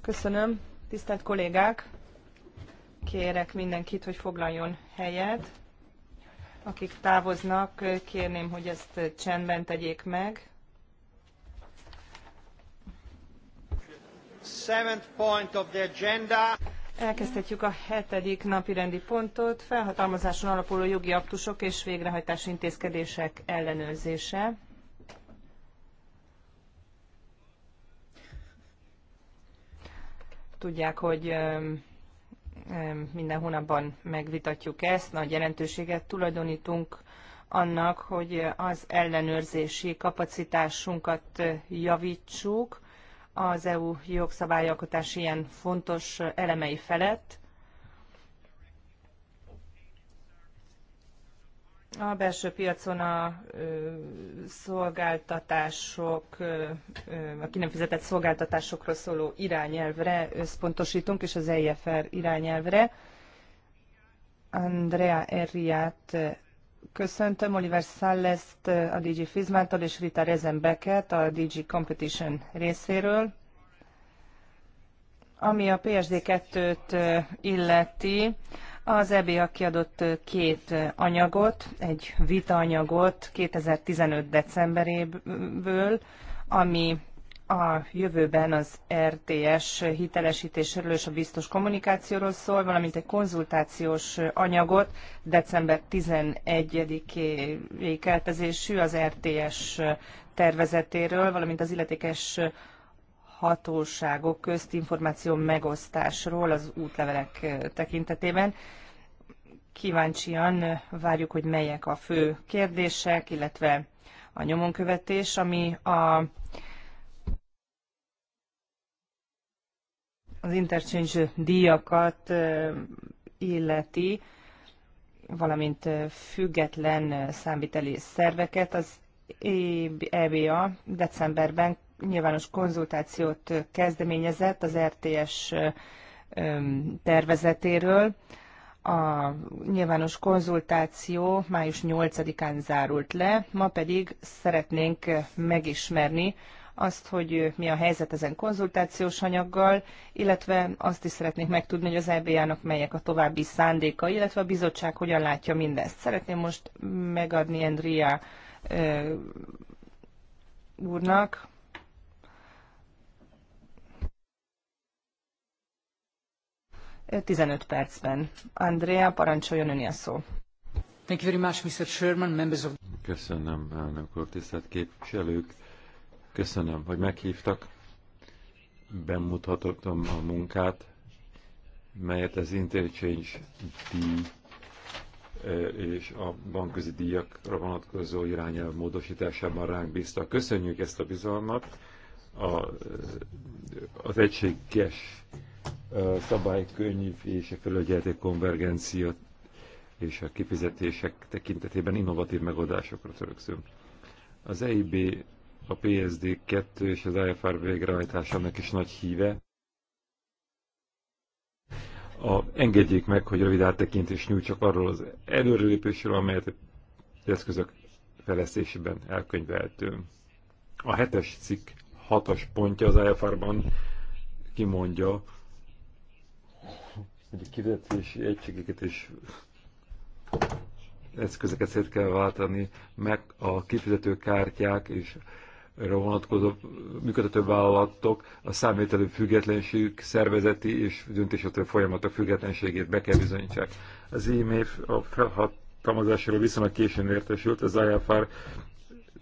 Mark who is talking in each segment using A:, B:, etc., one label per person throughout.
A: Köszönöm. Tisztelt kollégák, kérek mindenkit, hogy foglaljon helyet. Akik távoznak, kérném, hogy ezt csendben tegyék meg. point of the agenda. Elkezdhetjük a hetedik napi rendi pontot, felhatalmazáson alapuló jogi aktusok és végrehajtási intézkedések ellenőrzése. Tudják, hogy minden hónapban megvitatjuk ezt, nagy jelentőséget tulajdonítunk annak, hogy az ellenőrzési kapacitásunkat javítsuk az EU jogszabályalkotás ilyen fontos elemei felett, a belső piacon a ö, szolgáltatások, ö, a ki nem fizetett szolgáltatásokról szóló irányelvre összpontosítunk, és az EIFR irányelvre. Andrea Erriát köszöntöm, Oliver Sallest a DG Fizmától és Rita Rezenbeket a DG Competition részéről. Ami a PSD2-t illeti, az EBA kiadott két anyagot, egy vitaanyagot 2015. decemberéből, ami a jövőben az RTS er hitelesítésről és a biztos kommunikációról szól, valamint egy konzultációs anyagot december 11-i keltezésű az RTS er tervezetéről, valamint az illetékes hatóságok közt információ megosztásról az útlevelek tekintetében. Kíváncsian várjuk, hogy melyek a fő kérdések, illetve a nyomonkövetés, ami a az interchange díjakat illeti, valamint független számviteli szerveket. Az EBA decemberben nyilvános konzultációt kezdeményezett az RTS tervezetéről. A nyilvános konzultáció május 8-án zárult le, ma pedig szeretnénk megismerni azt, hogy mi a helyzet ezen konzultációs anyaggal, illetve azt is szeretnék megtudni, hogy az EBA-nak melyek a további szándéka, illetve a bizottság hogyan látja mindezt. Szeretném most megadni Andrea úrnak, 15 percben. Andrea, parancsoljon ön a szó. Thank you very much, Mr. Sherman, members of...
B: Köszönöm, elnök úr, tisztelt képviselők. Köszönöm, hogy meghívtak. Bemutatottam a munkát, melyet az Interchange díj és a bankközi díjakra vonatkozó irányelv módosításában ránk bízta. Köszönjük ezt a bizalmat. A, az egységes szabálykönyv és a felügyeleti konvergencia és a kifizetések tekintetében innovatív megoldásokra törökszünk. Az EIB, a PSD2 és az IFR végrehajtásának is nagy híve. A, engedjék meg, hogy rövid áttekintést nyújtsak arról az előrelépésről, amelyet az eszközök fejlesztésében elkönyveltünk. A hetes cikk hatas pontja az IFR-ban kimondja, hogy a kivetési egységeket és eszközeket szét kell váltani, meg a kifizető kártyák és vonatkozó működtető vállalatok a számvételő függetlenség szervezeti és döntéshozatai folyamatok függetlenségét be kell bizonyítsák. Az IMF a felhatalmazásról viszonylag későn értesült, az IFR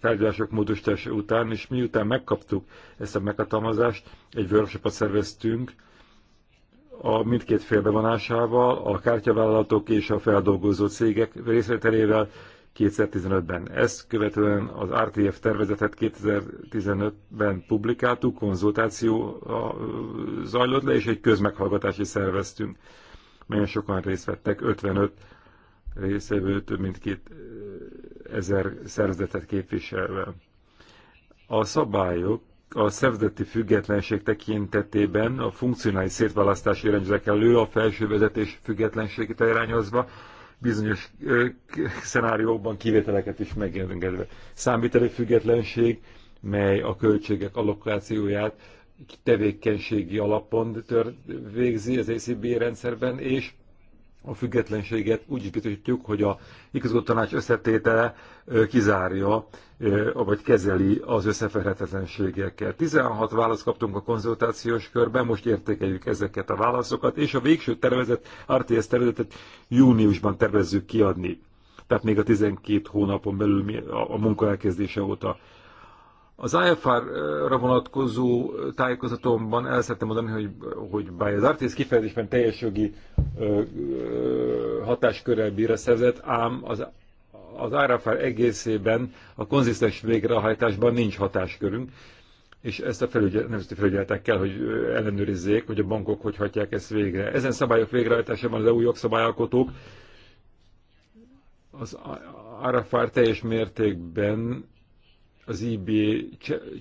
B: tárgyalások módosítása után, és miután megkaptuk ezt a meghatalmazást, egy workshopot szerveztünk, a mindkét fél bevonásával, a kártyavállalatok és a feldolgozó cégek részvételével 2015-ben. Ezt követően az RTF tervezetet 2015-ben publikáltuk, konzultáció zajlott le, és egy közmeghallgatást is szerveztünk, melyen sokan részt vettek, 55 részvevő több mint 2000 szervezetet képviselve. A szabályok a szervezeti függetlenség tekintetében a funkcionális szétválasztás irányzak elő, a felső vezetés függetlenségét irányozva, bizonyos ö, szenáriókban kivételeket is megengedve. Számviteli függetlenség, mely a költségek allokációját tevékenységi alapon tör, végzi az ACB e rendszerben, és a függetlenséget úgy is biztosítjuk, hogy a igazgató tanács összetétele kizárja, vagy kezeli az összeférhetetlenségekkel. 16 választ kaptunk a konzultációs körben, most értékeljük ezeket a válaszokat, és a végső tervezet, RTS tervezetet júniusban tervezzük kiadni. Tehát még a 12 hónapon belül a munka elkezdése óta az IFR-ra vonatkozó tájékozatomban el szerettem mondani, hogy, hogy bár az Artis kifejezésben teljes jogi hatáskörrel bír a szerzet, ám az, az árafár egészében a konzisztens végrehajtásban nincs hatáskörünk, és ezt a felügyel, nemzeti felügyeletek kell, hogy ellenőrizzék, hogy a bankok hogy hagyják ezt végre. Ezen szabályok végrehajtásában az EU jogszabályalkotók az árafár teljes mértékben az IB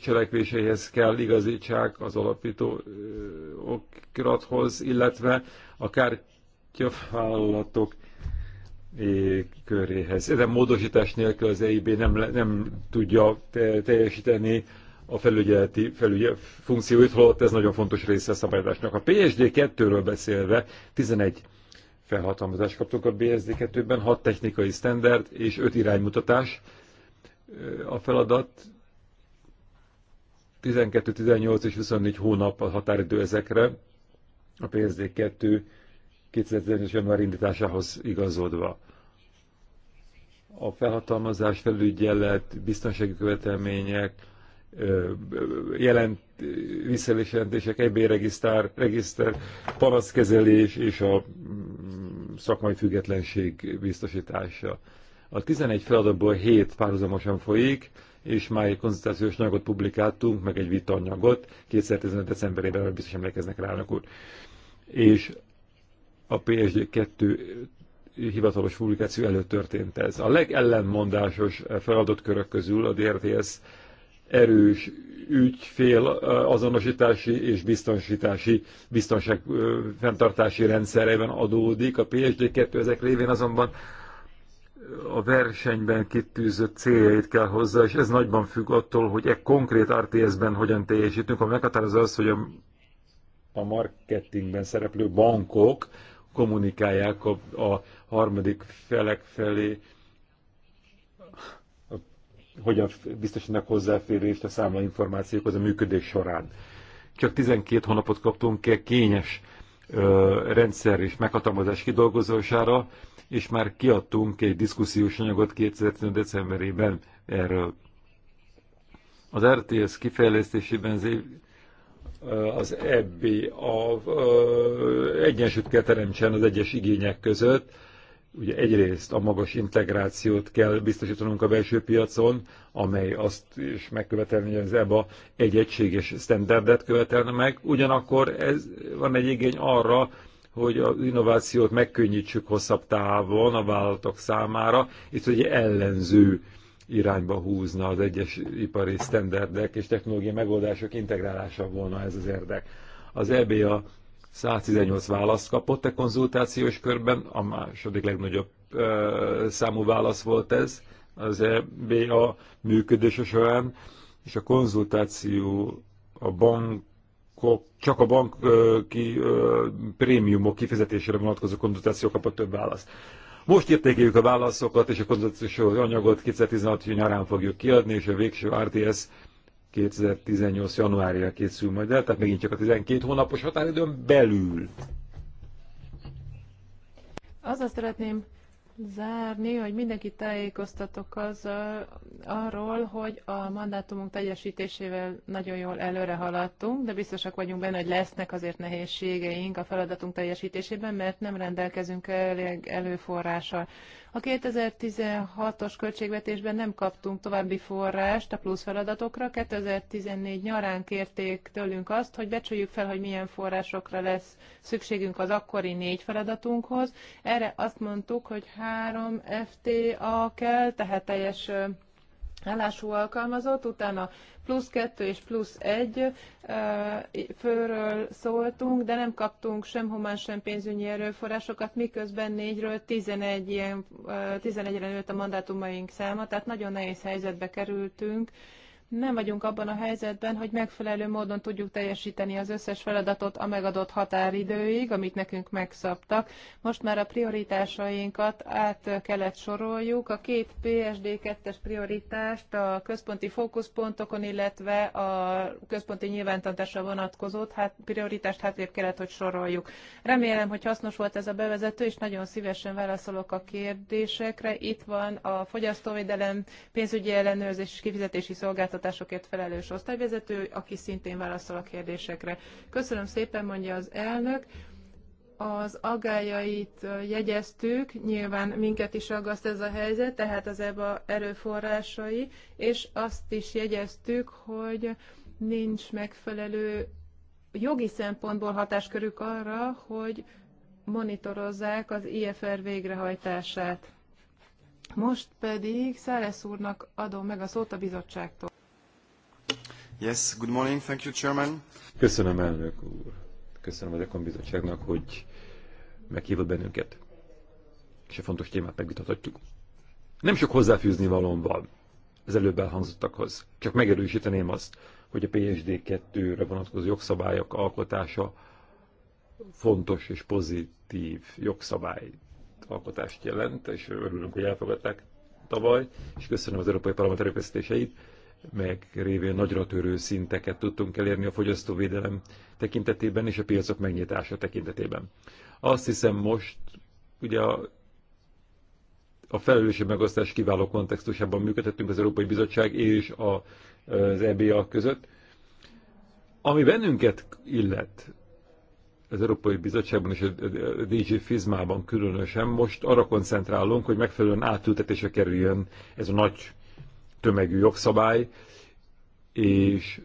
B: cselekvéseihez kell igazítsák az alapító okirathoz, illetve a kártyavállalatok köréhez. Ezen módosítás nélkül az EIB nem, nem tudja te, teljesíteni a felügyeleti felügyel, funkcióit, holott ez nagyon fontos része a szabályozásnak. A PSD 2-ről beszélve 11 felhatalmazást kaptunk a BSD 2-ben, 6 technikai standard és 5 iránymutatás, a feladat 12, 18 és 24 hónap a határidő ezekre, a PSD2 2010 január indításához igazodva. A felhatalmazás felügyelet, biztonsági követelmények, jelent, visszaelésjelentések, EB regisztár, regiszter, panaszkezelés és a mm, szakmai függetlenség biztosítása. A 11 feladatból 7 párhuzamosan folyik, és már egy konzultációs anyagot publikáltunk, meg egy vitanyagot, 2015. decemberében biztos emlékeznek rá, úr. És a PSD2 hivatalos publikáció előtt történt ez. A legellenmondásos feladatkörök közül a DRTS erős ügyfél azonosítási és biztonsítási, biztonság fenntartási rendszerében adódik. A PSD2 ezek révén azonban a versenyben kitűzött céljait kell hozzá, és ez nagyban függ attól, hogy e konkrét RTS-ben hogyan teljesítünk. A meghatározó az, hogy a, a marketingben szereplő bankok kommunikálják a, a harmadik felek felé, a, hogyan biztosítanak hozzáférést a információkhoz a működés során. Csak 12 hónapot kaptunk kényes ö, rendszer és meghatalmazás kidolgozására, és már kiadtunk egy diszkusziós anyagot 2015. decemberében erről. Az RTS kifejlesztésében az, az EB a, egyensúlyt kell teremtsen az egyes igények között, ugye egyrészt a magas integrációt kell biztosítanunk a belső piacon, amely azt is megkövetelni, hogy az EBA egy egységes standardet követelne meg, ugyanakkor ez van egy igény arra, hogy az innovációt megkönnyítsük hosszabb távon a vállalatok számára. Itt ugye ellenző irányba húzna az egyes ipari sztenderdek és technológiai megoldások integrálása volna ez az érdek. Az EBA 118 választ kapott a e konzultációs körben, a második legnagyobb ö, számú válasz volt ez az EBA működése során, és a konzultáció a bank csak a banki prémiumok kifizetésére vonatkozó konzultáció kapott több választ. Most értékeljük a válaszokat, és a konzultációs anyagot 2016 nyarán fogjuk kiadni, és a végső RTS 2018. januárja készül majd el, tehát megint csak a 12 hónapos határidőn belül.
C: Azzal szeretném zárni, hogy mindenki tájékoztatok az arról, hogy a mandátumunk teljesítésével nagyon jól előre haladtunk, de biztosak vagyunk benne, hogy lesznek azért nehézségeink a feladatunk teljesítésében, mert nem rendelkezünk elég előforrással. A 2016-os költségvetésben nem kaptunk további forrást a plusz feladatokra. 2014 nyarán kérték tőlünk azt, hogy becsüljük fel, hogy milyen forrásokra lesz szükségünk az akkori négy feladatunkhoz. Erre azt mondtuk, hogy három FTA kell, tehát teljes állású alkalmazott, utána plusz kettő és plusz egy főről szóltunk, de nem kaptunk sem humán, sem pénzügyi erőforrásokat, miközben négyről 11 ilyen, 11-re nőtt a mandátumaink száma, tehát nagyon nehéz helyzetbe kerültünk, nem vagyunk abban a helyzetben, hogy megfelelő módon tudjuk teljesíteni az összes feladatot a megadott határidőig, amit nekünk megszabtak. Most már a prioritásainkat át kellett soroljuk. A két PSD2-es prioritást a központi fókuszpontokon, illetve a központi nyilvántartásra vonatkozott. hát, prioritást hátrébb kellett, hogy soroljuk. Remélem, hogy hasznos volt ez a bevezető, és nagyon szívesen válaszolok a kérdésekre. Itt van a fogyasztóvédelem, pénzügyi ellenőrzés és kifizetési szolgáltatás szolgáltatásokért felelős osztályvezető, aki szintén válaszol a kérdésekre. Köszönöm szépen, mondja az elnök. Az agályait jegyeztük, nyilván minket is aggaszt ez a helyzet, tehát az EBA erőforrásai, és azt is jegyeztük, hogy nincs megfelelő jogi szempontból hatáskörük arra, hogy monitorozzák az IFR végrehajtását. Most pedig Száresz úrnak adom meg a szót a bizottságtól.
B: Yes, good morning, thank you, Chairman. Köszönöm, elnök úr. Köszönöm a Rekon Bizottságnak, hogy meghívott bennünket. És a fontos témát megvitathatjuk. Nem sok hozzáfűzni valóban van az előbb elhangzottakhoz. Csak megerősíteném azt, hogy a PSD2-re vonatkozó jogszabályok alkotása fontos és pozitív jogszabály alkotást jelent, és örülünk, hogy elfogadták tavaly, és köszönöm az Európai Parlament erőfeszítéseit meg révén nagyra törő szinteket tudtunk elérni a fogyasztóvédelem tekintetében és a piacok megnyitása tekintetében. Azt hiszem most ugye a, a felelősség megosztás kiváló kontextusában működhetünk az Európai Bizottság és a, az EBA között. Ami bennünket illet, az Európai Bizottságban és a DG Fizmában különösen most arra koncentrálunk, hogy megfelelően átültetése kerüljön ez a nagy tömegű jogszabály, és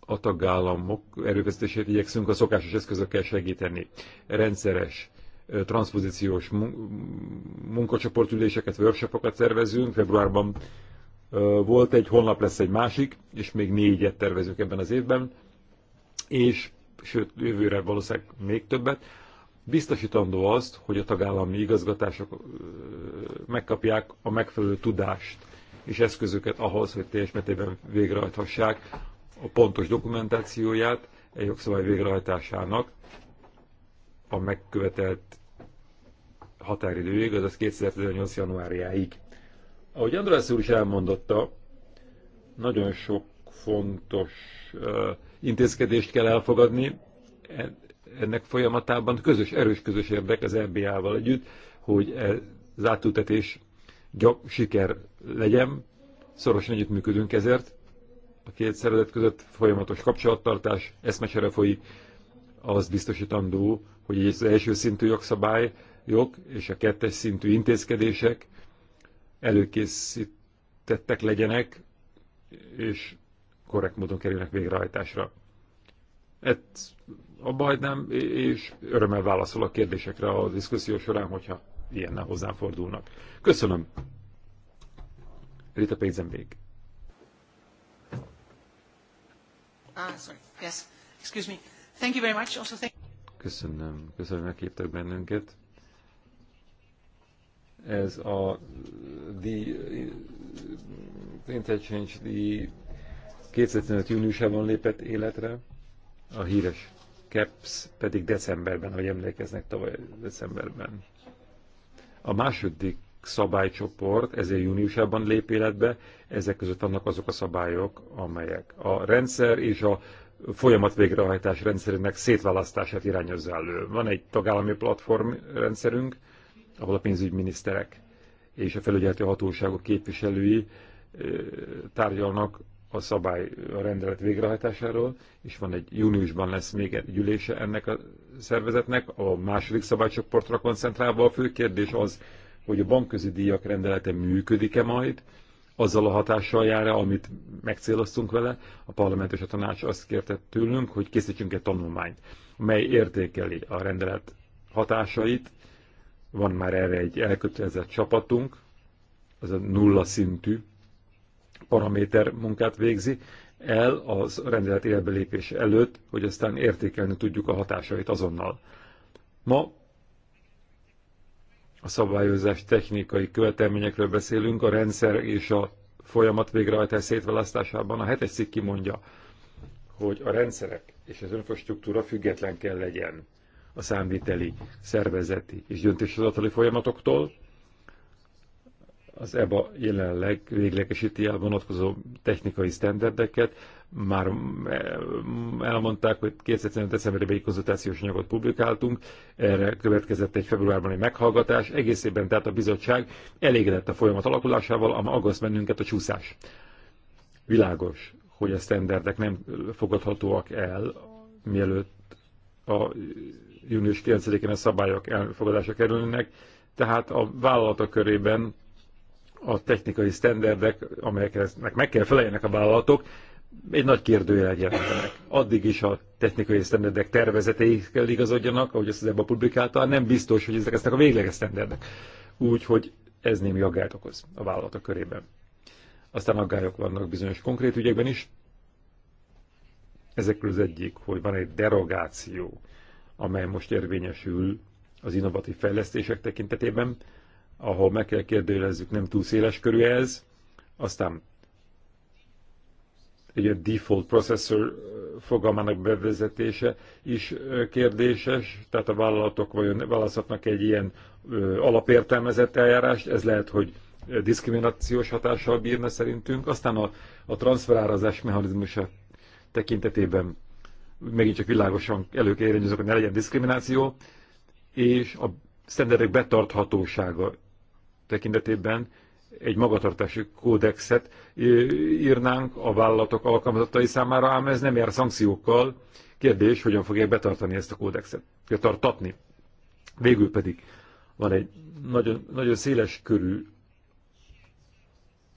B: a tagállamok erőfeszítését igyekszünk a szokásos eszközökkel segíteni. Rendszeres transzpozíciós munkacsoportüléseket, workshopokat szervezünk. Februárban volt egy, holnap lesz egy másik, és még négyet tervezünk ebben az évben, és sőt, jövőre valószínűleg még többet biztosítandó azt, hogy a tagállami igazgatások megkapják a megfelelő tudást és eszközöket ahhoz, hogy teljes mértékben végrehajthassák a pontos dokumentációját egy jogszabály végrehajtásának a megkövetelt határidőig, azaz 2018. januárjáig. Ahogy András úr is elmondotta, nagyon sok fontos uh, intézkedést kell elfogadni ennek folyamatában közös, erős közös érdek az EBA-val együtt, hogy az átültetés gyak, siker legyen. Szorosan együttműködünk ezért. A két szervezet között folyamatos kapcsolattartás, eszmecsere folyik, az biztosítandó, hogy az első szintű jogszabály jog és a kettes szintű intézkedések előkészítettek legyenek, és korrekt módon kerülnek végrehajtásra. Ez a nem, és örömmel válaszol a kérdésekre a diszkuszió során, hogyha ilyennel hozzám fordulnak. Köszönöm. Rita Pézenbék.
C: Ah, sorry. Yes. Excuse me. Thank you very much. Also thank
B: Köszönöm. Köszönöm, hogy meghívtak bennünket. Ez a the, the Interchange the 2015 júniusában lépett életre a híres CAPS pedig decemberben, hogy emlékeznek tavaly decemberben. A második szabálycsoport ezért júniusában lép életbe, ezek között vannak azok a szabályok, amelyek a rendszer és a folyamat végrehajtás rendszerének szétválasztását irányozza elő. Van egy tagállami platform rendszerünk, ahol a pénzügyminiszterek és a felügyeleti hatóságok képviselői tárgyalnak a szabály a rendelet végrehajtásáról, és van egy júniusban lesz még egy gyűlése ennek a szervezetnek, a második szabálycsoportra koncentrálva a fő kérdés az, hogy a bankközi díjak rendelete működik-e majd, azzal a hatással jár -e, amit megcéloztunk vele. A parlament és a tanács azt kérte tőlünk, hogy készítsünk egy tanulmányt, mely értékeli a rendelet hatásait. Van már erre egy elkötelezett csapatunk, az a nulla szintű paraméter munkát végzi el az rendelet életbelépése előtt, hogy aztán értékelni tudjuk a hatásait azonnal. Ma a szabályozás technikai követelményekről beszélünk, a rendszer és a folyamat végrehajtás szétválasztásában a hetes cikk kimondja, hogy a rendszerek és az infrastruktúra független kell legyen a számviteli, szervezeti és döntéshozatali folyamatoktól, az EBA jelenleg véglegesíti a vonatkozó technikai standardeket, már eh, elmondták, hogy 2015. decemberében egy konzultációs anyagot publikáltunk, erre következett egy februárban egy meghallgatás, egészében tehát a bizottság elégedett a folyamat alakulásával, ami aggaszt bennünket a csúszás. Világos, hogy a standardek nem fogadhatóak el, mielőtt a június 9-én a szabályok elfogadása kerülnek, tehát a vállalatok körében a technikai sztenderdek, amelyeknek meg kell feleljenek a vállalatok, egy nagy kérdőjel jelentenek. Addig is a technikai sztenderdek tervezeteik kell igazodjanak, ahogy ezt az ebben publikálta, nem biztos, hogy ezek lesznek a végleges sztenderdek. Úgyhogy ez némi aggályt okoz a vállalatok körében. Aztán aggályok vannak bizonyos konkrét ügyekben is. Ezekről az egyik, hogy van egy derogáció, amely most érvényesül az innovatív fejlesztések tekintetében, ahol meg kell kérdőjelezzük, nem túl széles körű ez, aztán egy default processor fogalmának bevezetése is kérdéses, tehát a vállalatok vajon választhatnak egy ilyen alapértelmezett eljárást, ez lehet, hogy diszkriminációs hatással bírna szerintünk. Aztán a, a transferárazás mechanizmusa tekintetében megint csak világosan elő kell hogy ne legyen diszkrimináció, és a standardek betarthatósága tekintetében egy magatartási kódexet írnánk a vállalatok alkalmazottai számára, ám ez nem jár szankciókkal. Kérdés, hogyan fogják betartani ezt a kódexet, tartatni. Végül pedig van egy nagyon, nagyon széles körű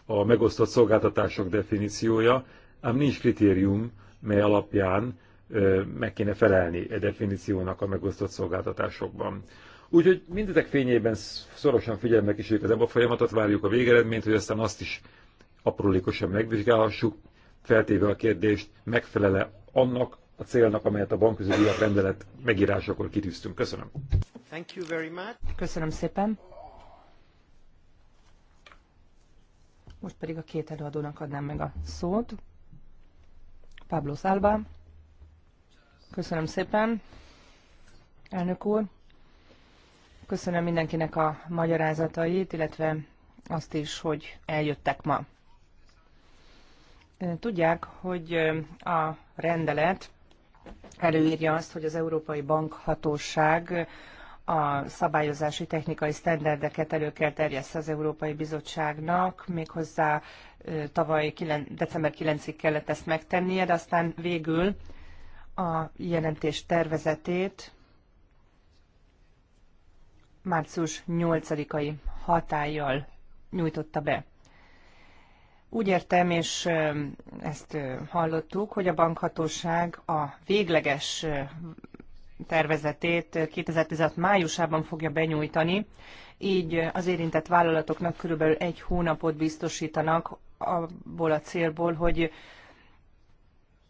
B: a megosztott szolgáltatások definíciója, ám nincs kritérium, mely alapján meg kéne felelni e definíciónak a megosztott szolgáltatásokban. Úgyhogy mindezek fényében szorosan figyelmek is az ebben a folyamatot, várjuk a végeredményt, hogy aztán azt is aprólékosan megvizsgálhassuk, feltéve a kérdést, megfelele annak a célnak, amelyet a bankközi rendelet megírásakor kitűztünk. Köszönöm.
D: Thank you very much. Köszönöm
A: szépen. Most pedig a két előadónak adnám meg a szót. Pablo Szálba. Köszönöm szépen. Elnök úr. Köszönöm mindenkinek a magyarázatait, illetve azt is, hogy eljöttek ma. Tudják, hogy a rendelet előírja azt, hogy az Európai Bankhatóság a szabályozási technikai sztenderdeket elő kell terjeszte az Európai Bizottságnak, méghozzá tavaly december 9-ig kellett ezt megtennie, de aztán végül a jelentés tervezetét március 8-ai hatállyal nyújtotta be. Úgy értem, és ezt hallottuk, hogy a bankhatóság a végleges tervezetét 2016 májusában fogja benyújtani, így az érintett vállalatoknak körülbelül egy hónapot biztosítanak abból a célból, hogy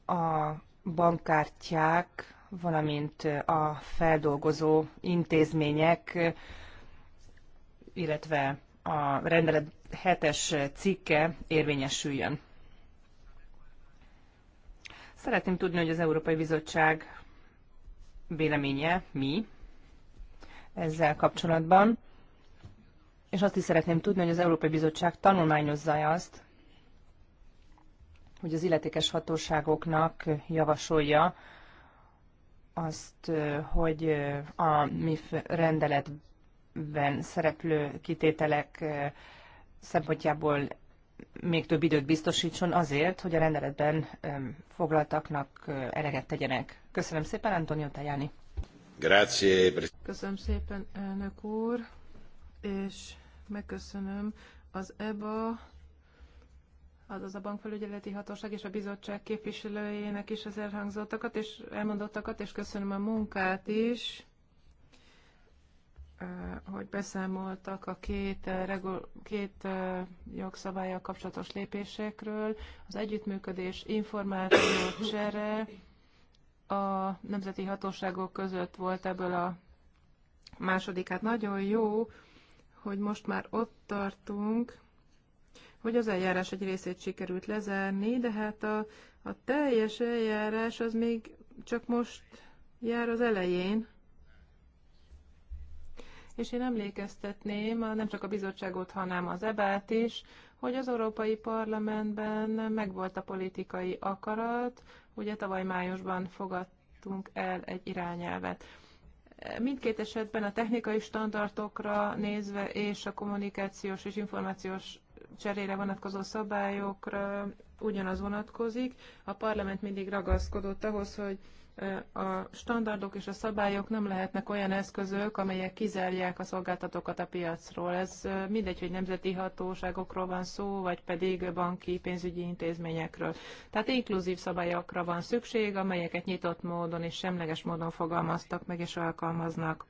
A: a bankkártyák valamint a feldolgozó intézmények, illetve a rendelet hetes cikke érvényesüljön. Szeretném tudni, hogy az Európai Bizottság véleménye mi ezzel kapcsolatban, és azt is szeretném tudni, hogy az Európai Bizottság tanulmányozza azt, hogy az illetékes hatóságoknak javasolja, azt, hogy a MIF rendeletben szereplő kitételek szempontjából még több időt biztosítson azért, hogy a rendeletben foglaltaknak eleget tegyenek. Köszönöm szépen, Antonio Tajani.
C: Grazie. Köszönöm szépen, elnök úr, és megköszönöm az EBA azaz a bankfelügyeleti hatóság és a bizottság képviselőjének is az elhangzottakat és elmondottakat, és köszönöm a munkát is, hogy beszámoltak a két, két jogszabályjal kapcsolatos lépésekről, az együttműködés, információ, csere, a nemzeti hatóságok között volt ebből a második. Hát nagyon jó, hogy most már ott tartunk, hogy az eljárás egy részét sikerült lezárni, de hát a, a teljes eljárás az még csak most jár az elején. És én emlékeztetném nem csak a bizottságot, hanem az EBÁT is, hogy az Európai Parlamentben megvolt a politikai akarat, ugye tavaly májusban fogadtunk el egy irányelvet. Mindkét esetben a technikai standardokra nézve és a kommunikációs és információs cserére vonatkozó szabályokra ugyanaz vonatkozik. A parlament mindig ragaszkodott ahhoz, hogy a standardok és a szabályok nem lehetnek olyan eszközök, amelyek kizárják a szolgáltatókat a piacról. Ez mindegy, hogy nemzeti hatóságokról van szó, vagy pedig banki pénzügyi intézményekről. Tehát inkluzív szabályokra van szükség, amelyeket nyitott módon és semleges módon fogalmaztak meg és alkalmaznak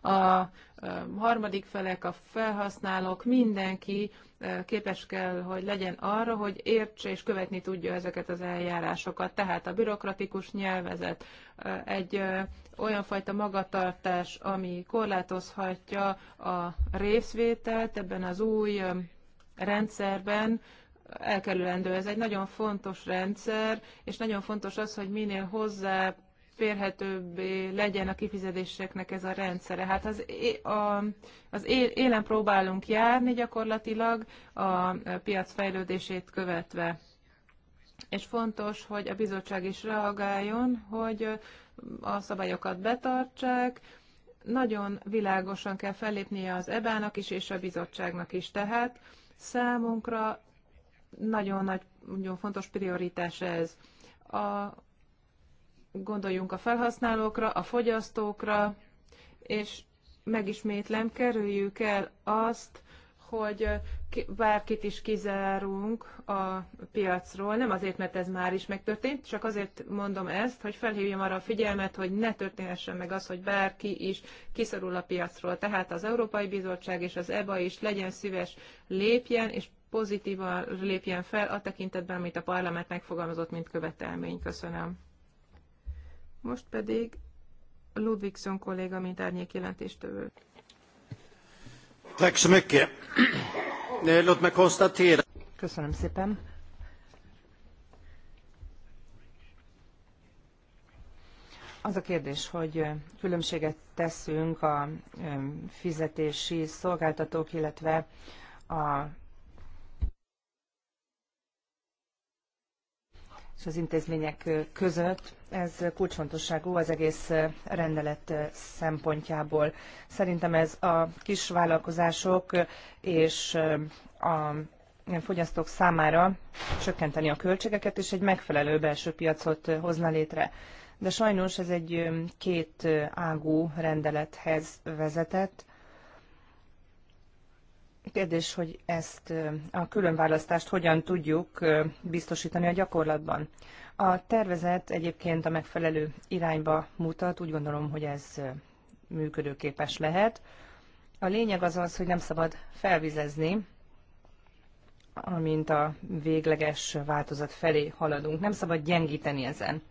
C: a harmadik felek, a felhasználók, mindenki e, képes kell, hogy legyen arra, hogy értse és követni tudja ezeket az eljárásokat. Tehát a bürokratikus nyelvezet e, egy e, olyan fajta magatartás, ami korlátozhatja a részvételt ebben az új rendszerben, elkerülendő. Ez egy nagyon fontos rendszer, és nagyon fontos az, hogy minél hozzá férhetőbbé legyen a kifizetéseknek ez a rendszere. Hát az, a, az élen próbálunk járni gyakorlatilag a piac fejlődését követve. És fontos, hogy a bizottság is reagáljon, hogy a szabályokat betartsák, nagyon világosan kell fellépnie az EBA-nak is és a bizottságnak is. Tehát számunkra nagyon nagy, nagyon fontos prioritás ez. A gondoljunk a felhasználókra, a fogyasztókra, és megismétlem, kerüljük el azt, hogy bárkit is kizárunk a piacról, nem azért, mert ez már is megtörtént, csak azért mondom ezt, hogy felhívjam arra a figyelmet, hogy ne történhessen meg az, hogy bárki is kiszorul a piacról. Tehát az Európai Bizottság és az EBA is legyen szíves, lépjen, és pozitívan lépjen fel a tekintetben, amit a parlament megfogalmazott, mint követelmény. Köszönöm. Most pedig Ludvigson kolléga, mint árnyék jelentéstövő. Tack
A: eh, Köszönöm szépen. Az a kérdés, hogy eh, különbséget teszünk a eh, fizetési szolgáltatók, illetve a és az intézmények között. Ez kulcsfontosságú az egész rendelet szempontjából. Szerintem ez a kis vállalkozások és a fogyasztók számára csökkenteni a költségeket, és egy megfelelő belső piacot hozna létre. De sajnos ez egy két ágú rendelethez vezetett, Kérdés, hogy ezt a különválasztást hogyan tudjuk biztosítani a gyakorlatban. A tervezet egyébként a megfelelő irányba mutat, úgy gondolom, hogy ez működőképes lehet. A lényeg az az, hogy nem szabad felvizezni, amint a végleges változat felé haladunk. Nem szabad gyengíteni ezen.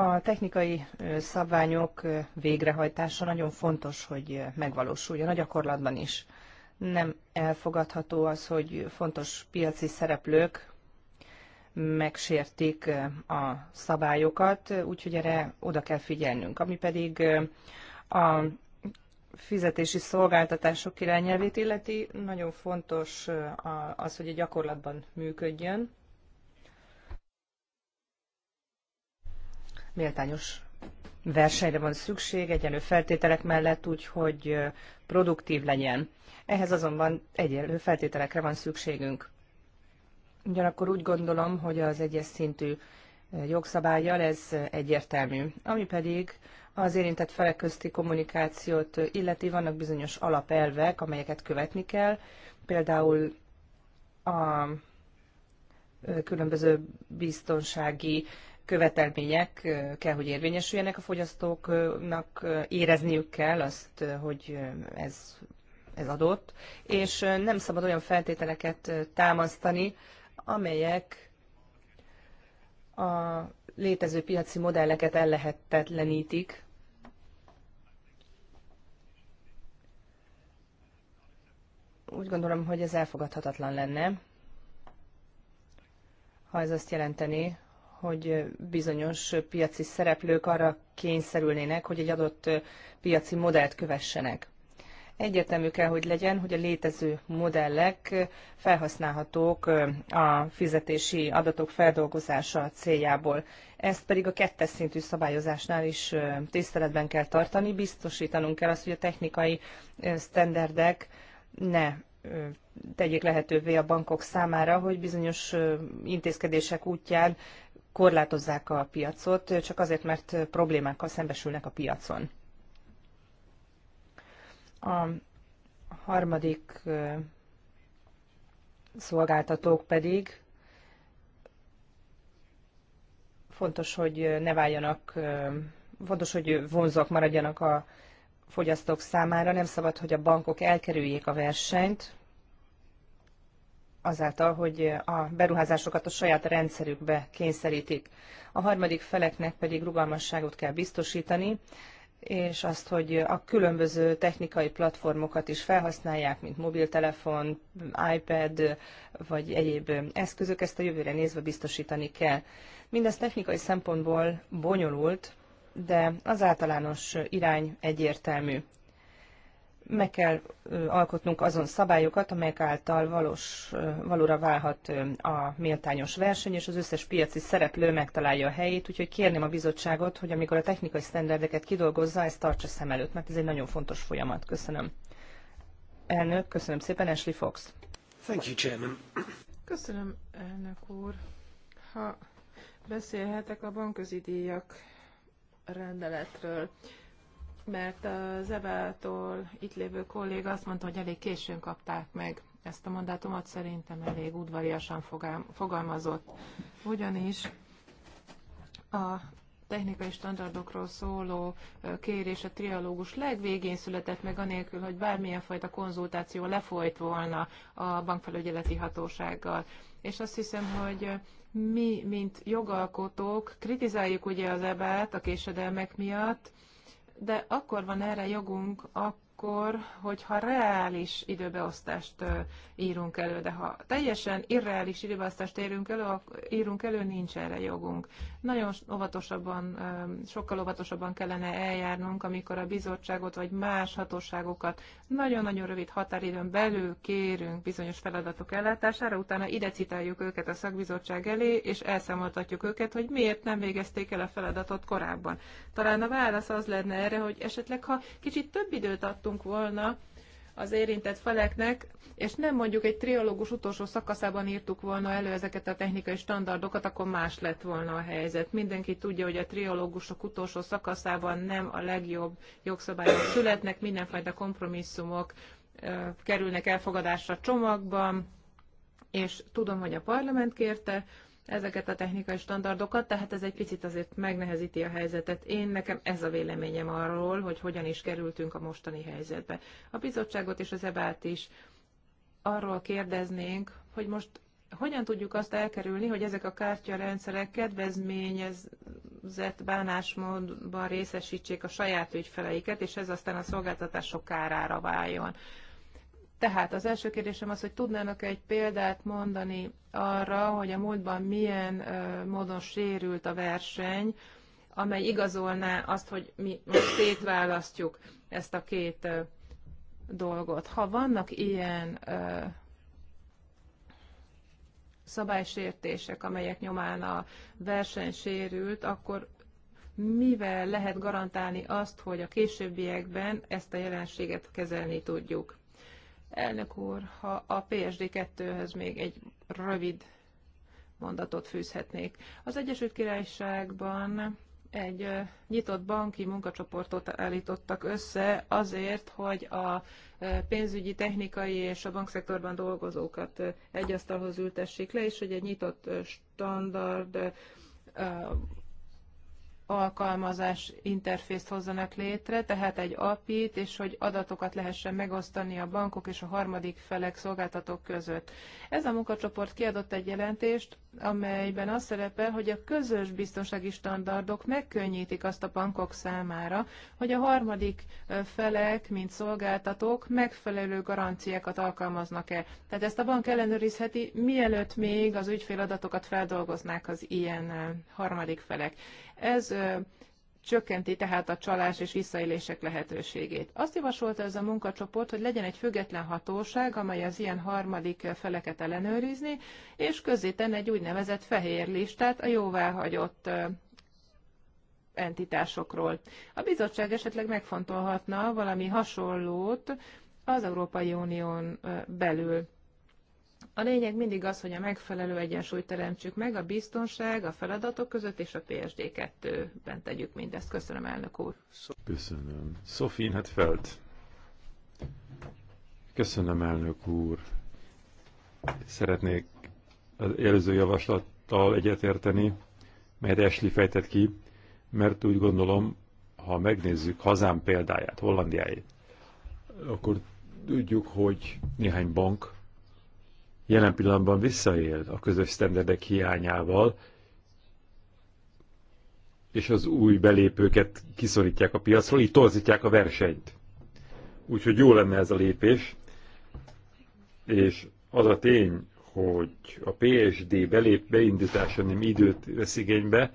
A: A technikai szabványok végrehajtása nagyon fontos, hogy megvalósuljon a gyakorlatban is. Nem elfogadható az, hogy fontos piaci szereplők megsértik a szabályokat, úgyhogy erre oda kell figyelnünk. Ami pedig a fizetési szolgáltatások irányelvét illeti, nagyon fontos az, hogy a gyakorlatban működjön. méltányos versenyre van szükség, egyenlő feltételek mellett, úgyhogy produktív legyen. Ehhez azonban egyenlő feltételekre van szükségünk. Ugyanakkor úgy gondolom, hogy az egyes szintű jogszabályjal ez egyértelmű. Ami pedig az érintett felek közti kommunikációt illeti, vannak bizonyos alapelvek, amelyeket követni kell. Például a különböző biztonsági követelmények kell, hogy érvényesüljenek a fogyasztóknak, érezniük kell azt, hogy ez, ez adott, és nem szabad olyan feltételeket támasztani, amelyek a létező piaci modelleket ellehetetlenítik, úgy gondolom, hogy ez elfogadhatatlan lenne, ha ez azt jelenteni, hogy bizonyos piaci szereplők arra kényszerülnének, hogy egy adott piaci modellt kövessenek. Egyértelmű kell, hogy legyen, hogy a létező modellek felhasználhatók a fizetési adatok feldolgozása céljából. Ezt pedig a kettes szintű szabályozásnál is tiszteletben kell tartani, biztosítanunk kell azt, hogy a technikai sztenderdek ne tegyék lehetővé a bankok számára, hogy bizonyos intézkedések útján korlátozzák a piacot, csak azért, mert problémákkal szembesülnek a piacon. A harmadik szolgáltatók pedig fontos, hogy ne váljanak, fontos, hogy vonzók maradjanak a fogyasztók számára. Nem szabad, hogy a bankok elkerüljék a versenyt, azáltal, hogy a beruházásokat a saját rendszerükbe kényszerítik. A harmadik feleknek pedig rugalmasságot kell biztosítani, és azt, hogy a különböző technikai platformokat is felhasználják, mint mobiltelefon, iPad vagy egyéb eszközök, ezt a jövőre nézve biztosítani kell. Mindez technikai szempontból bonyolult, de az általános irány egyértelmű meg kell alkotnunk azon szabályokat, amelyek által valós, valóra válhat a méltányos verseny, és az összes piaci szereplő megtalálja a helyét, úgyhogy kérném a bizottságot, hogy amikor a technikai sztenderdeket kidolgozza, ezt tartsa szem előtt, mert ez egy nagyon fontos folyamat. Köszönöm. Elnök, köszönöm szépen, Ashley Fox.
C: Thank you, Chairman. Köszönöm, elnök úr. Ha beszélhetek a bankközi díjak rendeletről mert az eba itt lévő kolléga azt mondta, hogy elég későn kapták meg ezt a mandátumot, szerintem elég udvariasan fogalmazott. Ugyanis a technikai standardokról szóló kérés a trialógus legvégén született meg, anélkül, hogy bármilyen fajta konzultáció lefolyt volna a bankfelügyeleti hatósággal. És azt hiszem, hogy mi, mint jogalkotók, kritizáljuk ugye az ebát a késedelmek miatt, de akkor van erre jogunk, akkor akkor, hogyha reális időbeosztást írunk elő, de ha teljesen irreális időbeosztást írunk elő, írunk elő, nincs erre jogunk. Nagyon óvatosabban, sokkal óvatosabban kellene eljárnunk, amikor a bizottságot vagy más hatóságokat nagyon-nagyon rövid határidőn belül kérünk bizonyos feladatok ellátására, utána ide citáljuk őket a szakbizottság elé, és elszámoltatjuk őket, hogy miért nem végezték el a feladatot korábban. Talán a válasz az lenne erre, hogy esetleg ha kicsit több időt adtunk, nyújtottunk volna az érintett feleknek, és nem mondjuk egy triológus utolsó szakaszában írtuk volna elő ezeket a technikai standardokat, akkor más lett volna a helyzet. Mindenki tudja, hogy a triológusok utolsó szakaszában nem a legjobb jogszabályok születnek, mindenfajta kompromisszumok ö, kerülnek elfogadásra csomagban, és tudom, hogy a parlament kérte, ezeket a technikai standardokat, tehát ez egy picit azért megnehezíti a helyzetet. Én nekem ez a véleményem arról, hogy hogyan is kerültünk a mostani helyzetbe. A bizottságot és az EBÁT is arról kérdeznénk, hogy most hogyan tudjuk azt elkerülni, hogy ezek a kártyarendszerek kedvezményezett bánásmódban részesítsék a saját ügyfeleiket, és ez aztán a szolgáltatások kárára váljon. Tehát az első kérdésem az, hogy tudnának egy példát mondani arra, hogy a múltban milyen módon sérült a verseny, amely igazolná azt, hogy mi most szétválasztjuk ezt a két dolgot. Ha vannak ilyen ö, szabálysértések, amelyek nyomán a verseny sérült, akkor mivel lehet garantálni azt, hogy a későbbiekben ezt a jelenséget kezelni tudjuk? Elnök úr, ha a PSD2-höz még egy rövid mondatot fűzhetnék. Az Egyesült Királyságban egy nyitott banki munkacsoportot állítottak össze azért, hogy a pénzügyi, technikai és a bankszektorban dolgozókat egy asztalhoz ültessék le, és hogy egy nyitott standard alkalmazás interfészt hozzanak létre, tehát egy API-t, és hogy adatokat lehessen megosztani a bankok és a harmadik felek szolgáltatók között. Ez a munkacsoport kiadott egy jelentést, amelyben az szerepel, hogy a közös biztonsági standardok megkönnyítik azt a bankok számára, hogy a harmadik felek, mint szolgáltatók megfelelő garanciákat alkalmaznak-e. Tehát ezt a bank ellenőrizheti, mielőtt még az ügyféladatokat feldolgoznák az ilyen harmadik felek. Ez csökkenti tehát a csalás és visszaélések lehetőségét. Azt javasolta ez a munkacsoport, hogy legyen egy független hatóság, amely az ilyen harmadik feleket ellenőrizni, és közéten egy úgynevezett fehér listát a jóváhagyott entitásokról. A bizottság esetleg megfontolhatna valami hasonlót az Európai Unión belül. A lényeg mindig az, hogy a megfelelő egyensúlyt teremtsük meg a biztonság, a feladatok között és a PSD2-ben tegyük mindezt. Köszönöm, elnök úr.
B: Köszönöm. Szofin, hát felt. Köszönöm, elnök úr. Szeretnék az előző javaslattal egyetérteni, melyet Esli fejtett ki, mert úgy gondolom, ha megnézzük hazám példáját, Hollandiáit, akkor tudjuk, hogy néhány bank jelen pillanatban visszaél a közös sztenderdek hiányával, és az új belépőket kiszorítják a piacról, így torzítják a versenyt. Úgyhogy jó lenne ez a lépés, és az a tény, hogy a PSD belép, beindítása nem időt vesz igénybe,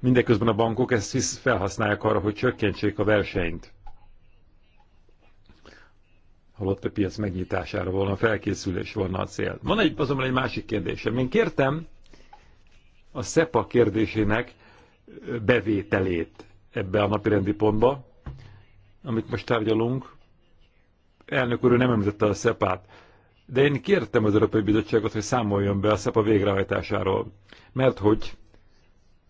B: mindeközben a bankok ezt felhasználják arra, hogy csökkentsék a versenyt holott a piac megnyitására volna, felkészülés volna a cél. Van egy, azonban egy másik kérdésem. Én kértem a SEPA kérdésének bevételét ebbe a napirendi pontba, amit most tárgyalunk. Elnök úr nem említette a SEPA-t, de én kértem az Európai Bizottságot, hogy számoljon be a SEPA végrehajtásáról, mert hogy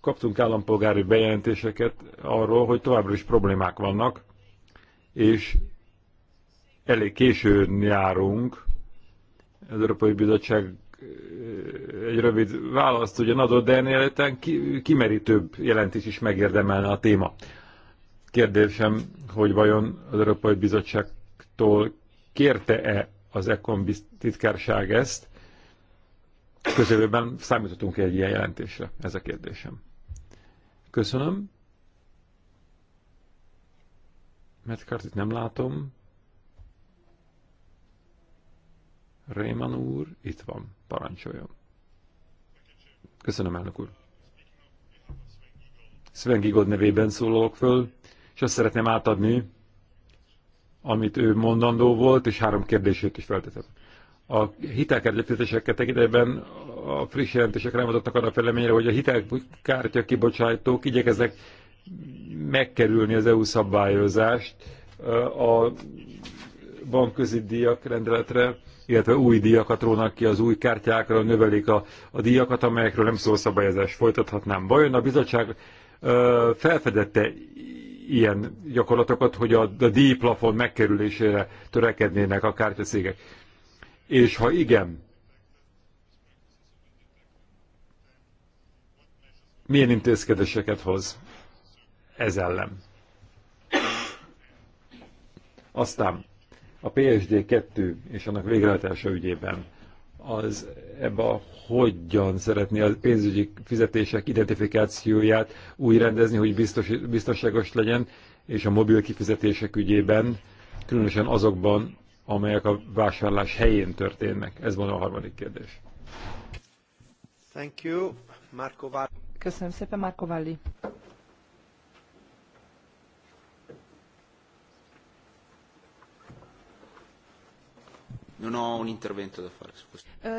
B: kaptunk állampolgári bejelentéseket arról, hogy továbbra is problémák vannak, és elég későn járunk. Az Európai Bizottság eh, egy rövid választ ugye adott, de ennél után ki, kimerítőbb jelentés is megérdemelne a téma. Kérdésem, hogy vajon az Európai Bizottságtól kérte-e az ECOM titkárság ezt? Közelőben számítottunk egy ilyen jelentésre? Ez a kérdésem. Köszönöm. Metkartit nem látom. Réman úr itt van, parancsoljon. Köszönöm, elnök úr. Sven Gigod nevében szólalok föl, és azt szeretném átadni, amit ő mondandó volt, és három kérdését is feltettem. A hitelkártyafizetéseket tekintetben a friss jelentések rámutatnak arra feleményre, hogy a hitelkártya kibocsátók igyekeznek megkerülni az EU szabályozást a bankközi díjak rendeletre illetve új díjakat rónak ki az új kártyákra, növelik a, a díjakat, amelyekről nem szabályozás folytathatnám. Vajon a bizottság ö, felfedette ilyen gyakorlatokat, hogy a, a díjplafon megkerülésére törekednének a kártyaszégek? És ha igen, milyen intézkedéseket hoz ez ellen? Aztán a PSD2 és annak végrehajtása ügyében az ebbe a hogyan szeretné a pénzügyi fizetések identifikációját új rendezni, hogy biztos, biztonságos legyen, és a mobil kifizetések ügyében, különösen azokban, amelyek a vásárlás helyén történnek. Ez van a harmadik kérdés.
A: Thank you. Marco Valli. Köszönöm szépen, Marco Valli.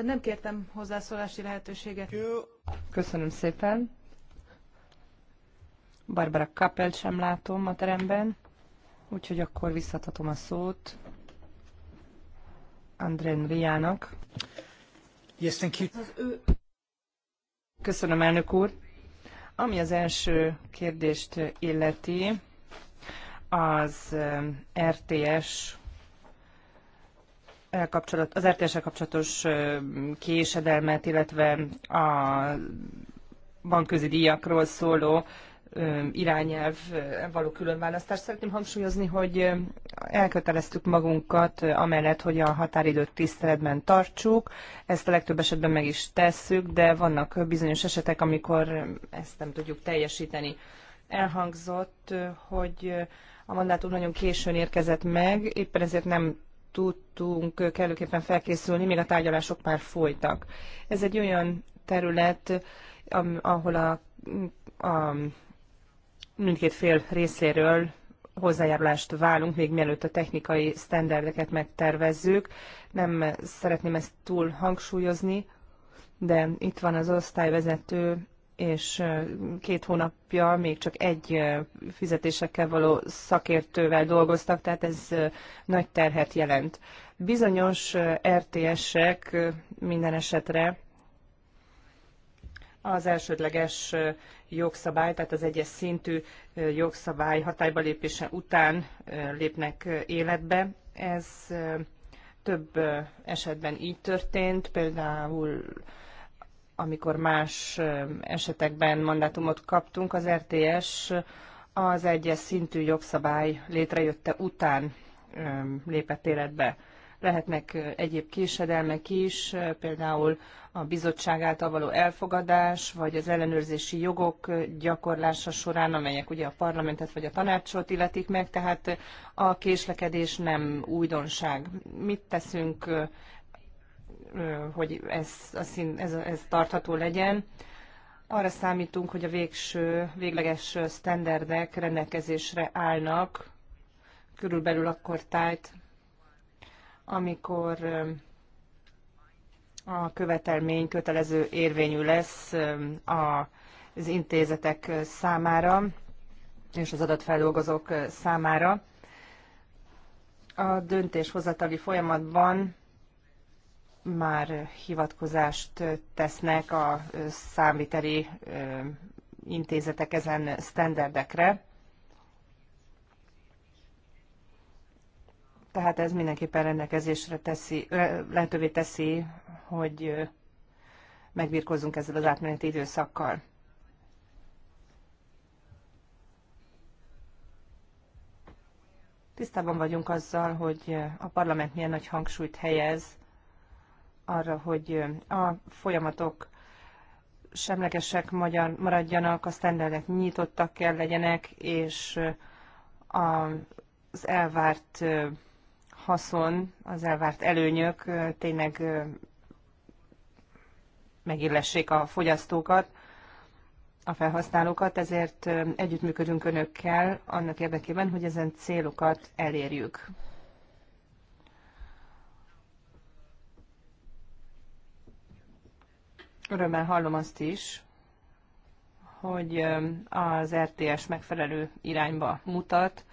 C: nem kértem hozzászólási lehetőséget.
A: Köszönöm szépen. Barbara Kappelt sem látom a teremben, úgyhogy akkor visszatatom a szót Andrén Riának. Yes, thank you. Köszönöm, elnök úr. Ami az első kérdést illeti, az RTS kapcsolat, az rts kapcsolatos késedelmet, illetve a bankközi díjakról szóló irányelv való különválasztást. Szeretném hangsúlyozni, hogy elköteleztük magunkat amellett, hogy a határidőt tiszteletben tartsuk. Ezt a legtöbb esetben meg is tesszük, de vannak bizonyos esetek, amikor ezt nem tudjuk teljesíteni. Elhangzott, hogy a mandátum nagyon későn érkezett meg, éppen ezért nem tudtunk kellőképpen felkészülni, még a tárgyalások már folytak. Ez egy olyan terület, ahol a, a mindkét fél részéről hozzájárulást válunk, még mielőtt a technikai sztenderdeket megtervezzük. Nem szeretném ezt túl hangsúlyozni, de itt van az osztályvezető és két hónapja még csak egy fizetésekkel való szakértővel dolgoztak, tehát ez nagy terhet jelent. Bizonyos RTS-ek er minden esetre az elsődleges jogszabály, tehát az egyes szintű jogszabály hatályba lépése után lépnek életbe. Ez több esetben így történt, például amikor más esetekben mandátumot kaptunk, az RTS az egyes szintű jogszabály létrejötte után lépett életbe. Lehetnek egyéb késedelmek is, például a bizottság által való elfogadás, vagy az ellenőrzési jogok gyakorlása során, amelyek ugye a parlamentet vagy a tanácsot illetik meg, tehát a késlekedés nem újdonság. Mit teszünk hogy ez, a szín, ez, ez tartható legyen. Arra számítunk, hogy a végső, végleges sztenderdek rendelkezésre állnak körülbelül akkor tájt, amikor a követelmény kötelező érvényű lesz az intézetek számára és az adatfeldolgozók számára. A döntéshozatali folyamatban már hivatkozást tesznek a számviteli intézetek ezen sztenderdekre. Tehát ez mindenképpen rendelkezésre teszi, lehetővé teszi, hogy megbírkozzunk ezzel az átmeneti időszakkal. Tisztában vagyunk azzal, hogy a parlament milyen nagy hangsúlyt helyez arra, hogy a folyamatok semlegesek magyar maradjanak, a sztenderdek nyitottak kell legyenek, és az elvárt haszon, az elvárt előnyök tényleg megillessék a fogyasztókat, a felhasználókat, ezért együttműködünk önökkel annak érdekében, hogy ezen célokat elérjük. Örömmel hallom azt is, hogy az RTS megfelelő irányba mutat.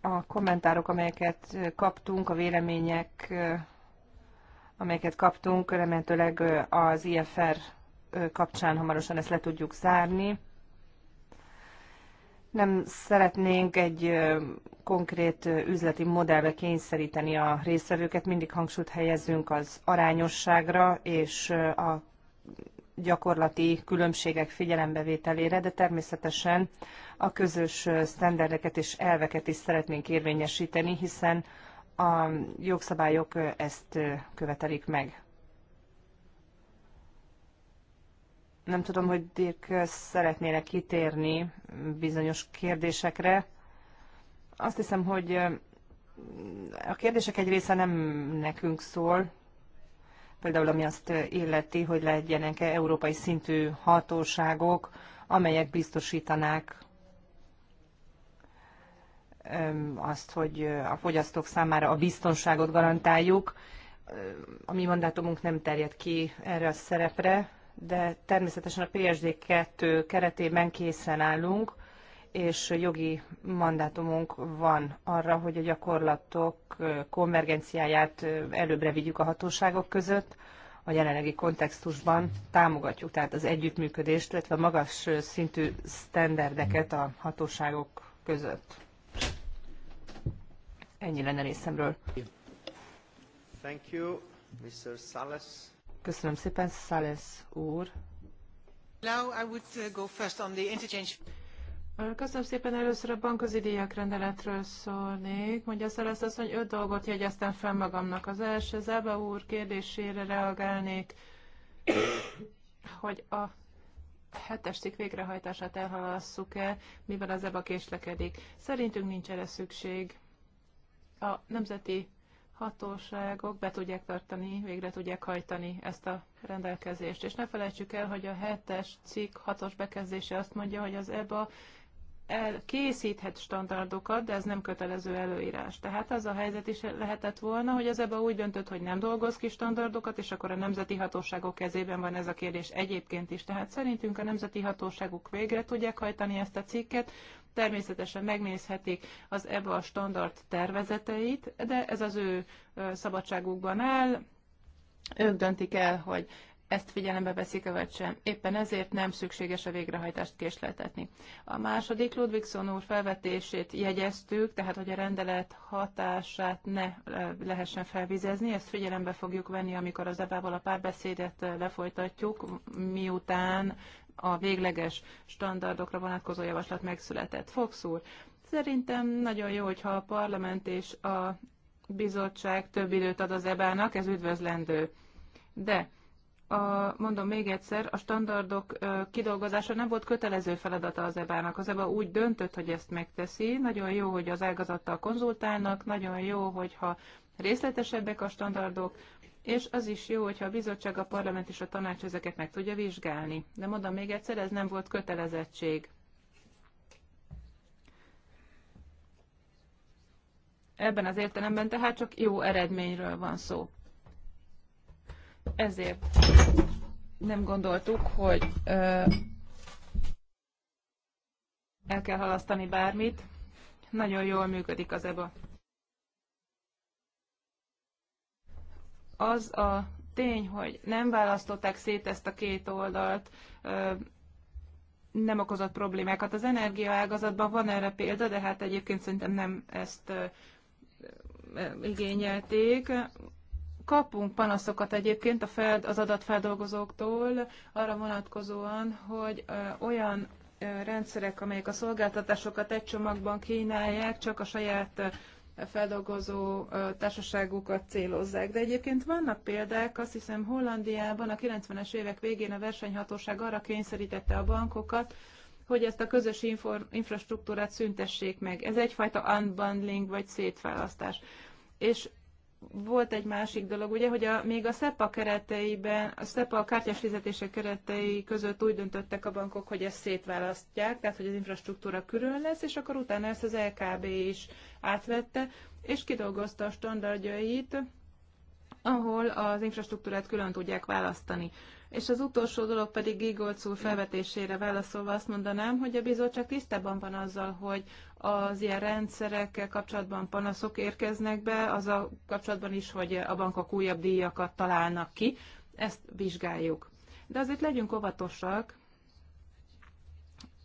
A: A kommentárok, amelyeket kaptunk, a vélemények, amelyeket kaptunk, remélhetőleg az IFR kapcsán hamarosan ezt le tudjuk zárni. Nem szeretnénk egy konkrét üzleti modellbe kényszeríteni a résztvevőket, mindig hangsúlyt helyezünk az arányosságra és a gyakorlati különbségek figyelembevételére, de természetesen a közös sztenderdeket és elveket is szeretnénk érvényesíteni, hiszen a jogszabályok ezt követelik meg. Nem tudom, hogy Dirk szeretnének kitérni bizonyos kérdésekre. Azt hiszem, hogy a kérdések egy része nem nekünk szól, például ami azt illeti, hogy legyenek -e európai szintű hatóságok, amelyek biztosítanák azt, hogy a fogyasztók számára a biztonságot garantáljuk. A mi mandátumunk nem terjed ki erre a szerepre, de természetesen a PSD2 keretében készen állunk, és jogi mandátumunk van arra, hogy a gyakorlatok konvergenciáját előbbre vigyük a hatóságok között, a jelenlegi kontextusban támogatjuk, tehát az együttműködést, illetve a magas szintű sztenderdeket a hatóságok között. Ennyi lenne részemről.
D: Thank you, Mr. Salas.
C: Köszönöm szépen, Szálesz úr. Now I would uh, go first on the interchange. Köszönöm szépen, először a bankközi díjak rendeletről szólnék. Mondja Szálesz azt, hogy öt dolgot jegyeztem fel magamnak. Az első, Zába úr kérdésére reagálnék, hogy a hetes cikk végrehajtását elhalasszuk-e, mivel az EBA késlekedik. Szerintünk nincs erre szükség. A nemzeti hatóságok be tudják tartani, végre tudják hajtani ezt a rendelkezést. És ne felejtsük el, hogy a hetes cikk hatos bekezdése azt mondja, hogy az EBA elkészíthet standardokat, de ez nem kötelező előírás. Tehát az a helyzet is lehetett volna, hogy az EBA úgy döntött, hogy nem dolgoz ki standardokat, és akkor a nemzeti hatóságok kezében van ez a kérdés egyébként is. Tehát szerintünk a nemzeti hatóságok végre tudják hajtani ezt a cikket, Természetesen megnézhetik az EBA standard tervezeteit, de ez az ő szabadságukban áll. Ők döntik el, hogy ezt figyelembe veszik-e vagy sem. Éppen ezért nem szükséges a végrehajtást késleltetni. A második Ludvigson úr felvetését jegyeztük, tehát hogy a rendelet hatását ne lehessen felvizezni, ezt figyelembe fogjuk venni, amikor az ebával a párbeszédet lefolytatjuk, miután a végleges standardokra vonatkozó javaslat megszületett. Fox úr, szerintem nagyon jó, hogyha a parlament és a bizottság több időt ad az EBA-nak, ez üdvözlendő. De a, mondom még egyszer, a standardok ö, kidolgozása nem volt kötelező feladata az EBA-nak. Az EBA úgy döntött, hogy ezt megteszi. Nagyon jó, hogy az ágazattal konzultálnak, nagyon jó, hogyha részletesebbek a standardok, és az is jó, hogyha a bizottság, a parlament és a tanács ezeket meg tudja vizsgálni. De mondom még egyszer, ez nem volt kötelezettség. Ebben az értelemben tehát csak jó eredményről van szó. Ezért nem gondoltuk, hogy ö, el kell halasztani bármit. Nagyon jól működik az EBA. az a tény, hogy nem választották szét ezt a két oldalt, nem okozott problémákat. Az energiaágazatban van erre példa, de hát egyébként szerintem nem ezt igényelték. Kapunk panaszokat egyébként a fel az adatfeldolgozóktól arra vonatkozóan, hogy olyan rendszerek, amelyek a szolgáltatásokat egy csomagban kínálják, csak a saját feldolgozó társaságokat célozzák. De egyébként vannak példák, azt hiszem Hollandiában a 90-es évek végén a versenyhatóság arra kényszerítette a bankokat, hogy ezt a közös infor- infrastruktúrát szüntessék meg. Ez egyfajta unbundling vagy szétválasztás. És volt egy másik dolog, ugye, hogy a, még a SEPA kereteiben, a SEPA kártyás fizetések keretei között úgy döntöttek a bankok, hogy ezt szétválasztják, tehát hogy az infrastruktúra külön lesz, és akkor utána ezt az LKB is átvette, és kidolgozta a standardjait, ahol az infrastruktúrát külön tudják választani. És az utolsó dolog pedig Gigolc úr felvetésére válaszolva azt mondanám, hogy a bizottság tisztában van azzal, hogy az ilyen rendszerekkel kapcsolatban panaszok érkeznek be, az a kapcsolatban is, hogy a bankok újabb díjakat találnak ki, ezt vizsgáljuk. De azért legyünk óvatosak,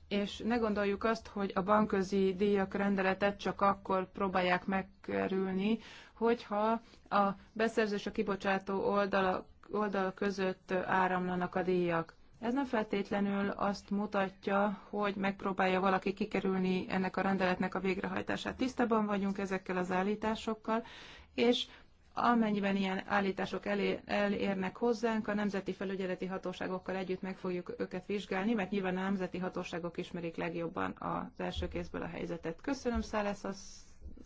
C: és ne gondoljuk azt, hogy a bankközi díjak rendeletet csak akkor próbálják megkerülni, hogyha a beszerzés a kibocsátó oldal, oldal között áramlanak a díjak. Ez nem feltétlenül azt mutatja, hogy megpróbálja valaki kikerülni ennek a rendeletnek a végrehajtását. Tisztában vagyunk ezekkel az állításokkal, és amennyiben ilyen állítások elé elérnek hozzánk, a nemzeti felügyeleti hatóságokkal együtt meg fogjuk őket vizsgálni, mert nyilván a nemzeti hatóságok ismerik legjobban az első kézből a helyzetet. Köszönöm, Szálesz, az...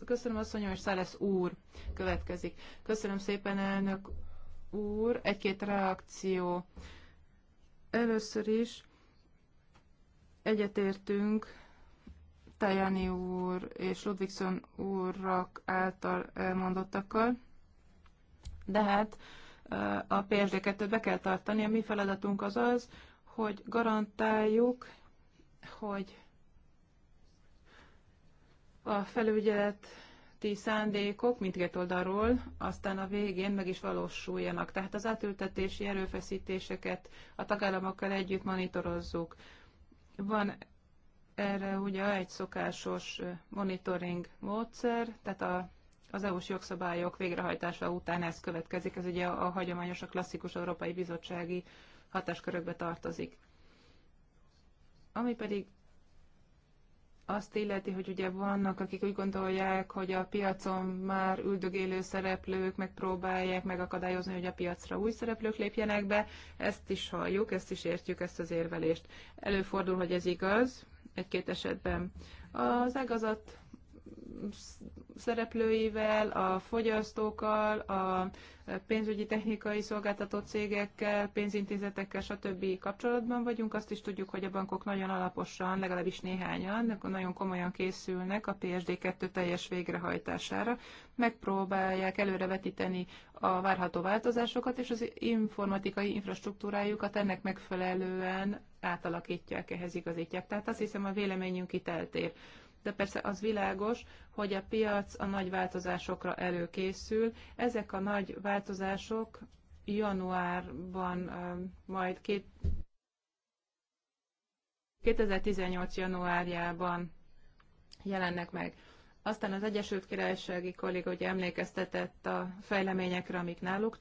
C: Köszönöm asszonyom, és Szálesz úr következik. Köszönöm szépen, elnök úr. Egy-két reakció Először is egyetértünk Tajani úr és Ludvigson úrak által elmondottakkal, de hát a psd be kell tartani. A mi feladatunk az az, hogy garantáljuk, hogy a felügyelet ti szándékok mindkét oldalról aztán a végén meg is valósuljanak. Tehát az átültetési erőfeszítéseket a tagállamokkal együtt monitorozzuk. Van erre ugye egy szokásos monitoring módszer, tehát a, az EU-s jogszabályok végrehajtása után ez következik, ez ugye a, a hagyományos, a klasszikus Európai Bizottsági hatáskörökbe tartozik. Ami pedig azt illeti, hogy ugye vannak, akik úgy gondolják, hogy a piacon már üldögélő szereplők megpróbálják megakadályozni, hogy a piacra új szereplők lépjenek be. Ezt is halljuk, ezt is értjük, ezt az érvelést. Előfordul, hogy ez igaz, egy-két esetben. Az ágazat szereplőivel, a fogyasztókkal, a pénzügyi technikai szolgáltató cégekkel, pénzintézetekkel, stb. kapcsolatban vagyunk. Azt is tudjuk, hogy a bankok nagyon alaposan, legalábbis néhányan, nagyon komolyan készülnek a PSD2 teljes végrehajtására. Megpróbálják előrevetíteni a várható változásokat, és az informatikai infrastruktúrájukat ennek megfelelően átalakítják, ehhez igazítják. Tehát azt hiszem a véleményünk itt eltér de persze az világos, hogy a piac a nagy változásokra előkészül. Ezek a nagy változások januárban majd két 2018. januárjában jelennek meg. Aztán az Egyesült Királysági kolléga ugye emlékeztetett a fejleményekre, amik náluk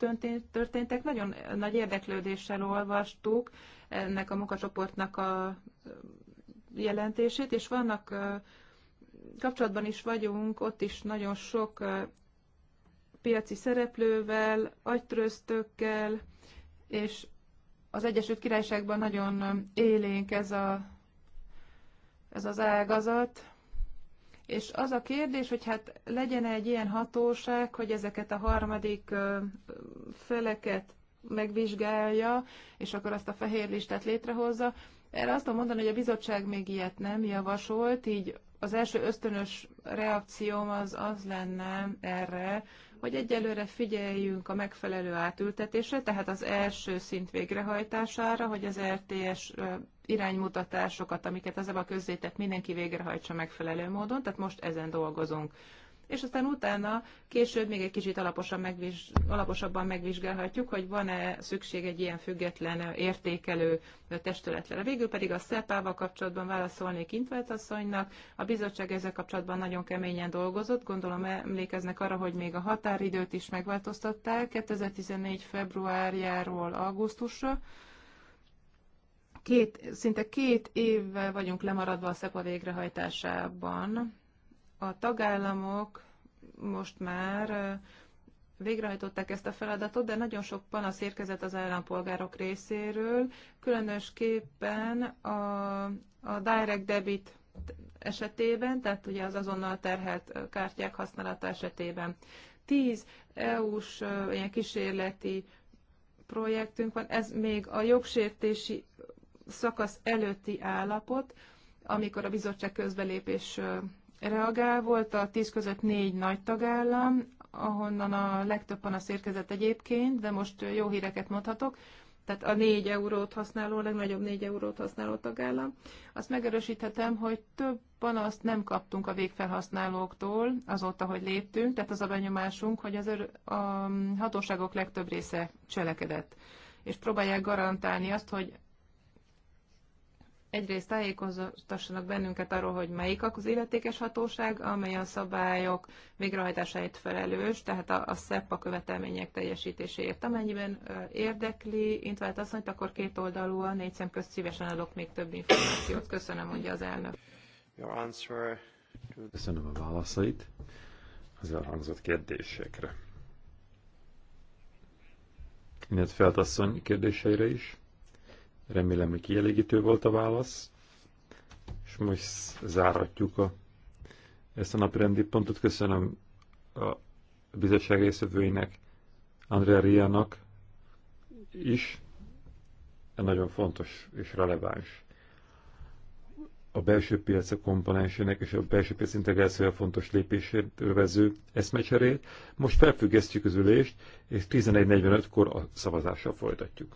C: történtek. Nagyon nagy érdeklődéssel olvastuk ennek a munkacsoportnak a jelentését, és vannak kapcsolatban is vagyunk, ott is nagyon sok piaci szereplővel, agytröztökkel, és az Egyesült Királyságban nagyon élénk ez, a, ez az ágazat. És az a kérdés, hogy hát legyen egy ilyen hatóság, hogy ezeket a harmadik feleket megvizsgálja, és akkor azt a fehér listát létrehozza. Erre azt tudom mondani, hogy a bizottság még ilyet nem javasolt, így az első ösztönös reakcióm az az lenne erre, hogy egyelőre figyeljünk a megfelelő átültetésre, tehát az első szint végrehajtására, hogy az RTS iránymutatásokat, amiket az e a közzétett, mindenki végrehajtsa megfelelő módon, tehát most ezen dolgozunk és aztán utána később még egy kicsit alaposan megviz, alaposabban megvizsgálhatjuk, hogy van-e szükség egy ilyen független értékelő testületre. Végül pedig a SZEPÁ-val kapcsolatban válaszolnék Intvált asszonynak. A bizottság ezzel kapcsolatban nagyon keményen dolgozott. Gondolom emlékeznek arra, hogy még a határidőt is megváltoztatták 2014. februárjáról augusztusra két, szinte két évvel vagyunk lemaradva a SZEPA végrehajtásában. A tagállamok most már végrehajtották ezt a feladatot, de nagyon sok panasz érkezett az állampolgárok részéről, különösképpen a, a direct debit esetében, tehát ugye az azonnal terhelt kártyák használata esetében. Tíz EU-s ilyen kísérleti projektünk van, ez még a jogsértési szakasz előtti állapot, amikor a bizottság közbelépés reagál. Volt a tíz között négy nagy tagállam, ahonnan a legtöbb panasz érkezett egyébként, de most jó híreket mondhatok. Tehát a négy eurót használó, a legnagyobb négy eurót használó tagállam. Azt megerősíthetem, hogy több panaszt nem kaptunk a végfelhasználóktól azóta, hogy léptünk, tehát az a benyomásunk, hogy az a hatóságok legtöbb része cselekedett és próbálják garantálni azt, hogy egyrészt tájékoztassanak bennünket arról, hogy melyik az illetékes hatóság, amely a szabályok végrehajtásáért felelős, tehát a, a SZEP a követelmények teljesítéséért. Amennyiben érdekli Intvált asszonyt, akkor két oldalúan, négy szem közt szívesen adok még több információt. Köszönöm, mondja az elnök. Your
D: answer to...
B: Köszönöm a válaszait az elhangzott kérdésekre. Inet feltasszony kérdéseire is. Remélem, hogy kielégítő volt a válasz. És most záratjuk a, ezt a napirendi pontot. Köszönöm a bizottság részvevőinek, Andrea Riának is. Ez nagyon fontos és releváns. A belső piac a komponensének és a belső piac integrációja fontos lépését övező eszmecserét. Most felfüggesztjük az ülést, és 11.45-kor a szavazással folytatjuk.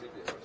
B: Prinzipien.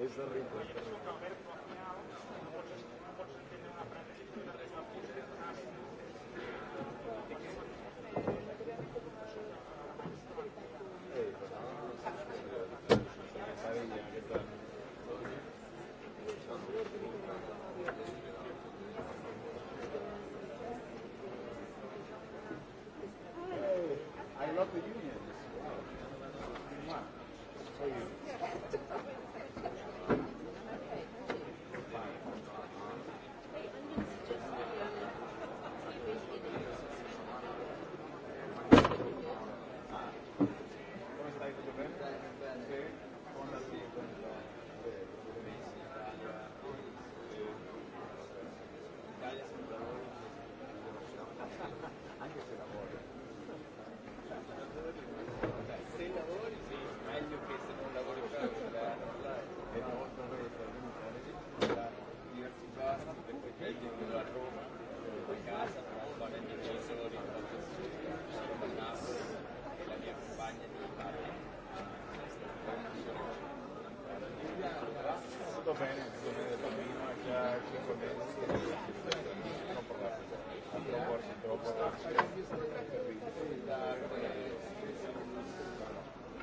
B: es de ritmo.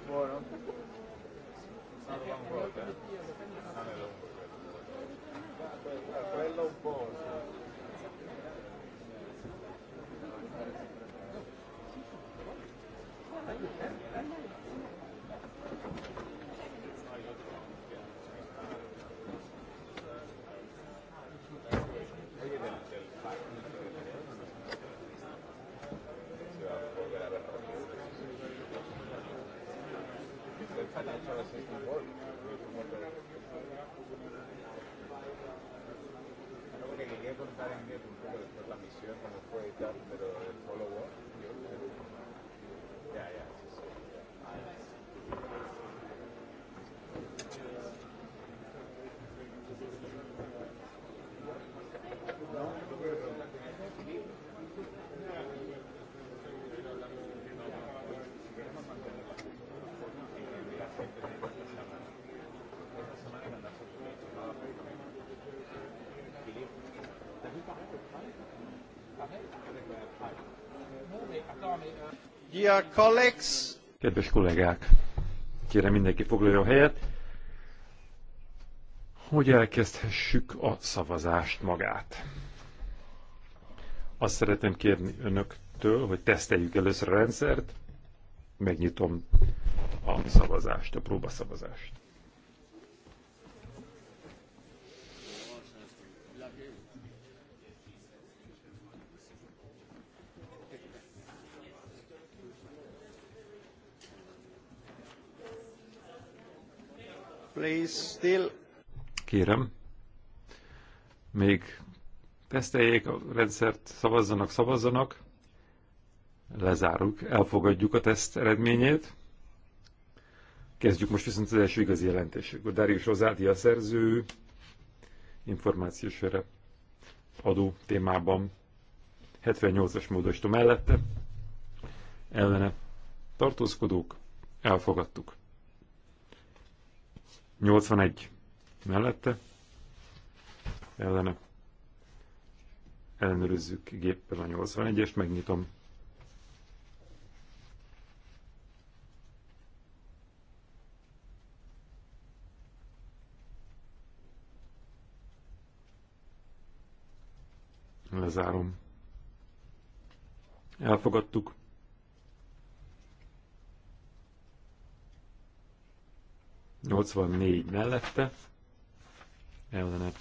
C: Buono.
D: Sono un po' Dear
B: colleagues. Kedves kollégák, kérem mindenki foglaljon helyet, hogy elkezdhessük a szavazást magát. Azt szeretném kérni önöktől, hogy teszteljük először a rendszert, megnyitom a szavazást, a próbaszavazást. Kérem, még teszteljék a rendszert, szavazzanak, szavazzanak. Lezárjuk, elfogadjuk a teszt eredményét. Kezdjük most viszont az első igazi jelentésük. Darius Rozáti a szerző információs adó témában 78-as módosító mellette ellene tartózkodók elfogadtuk. 81 mellette, ellene ellenőrizzük géppel a 81-est, megnyitom. Lezárom. Elfogadtuk. 84 mellette, ellene.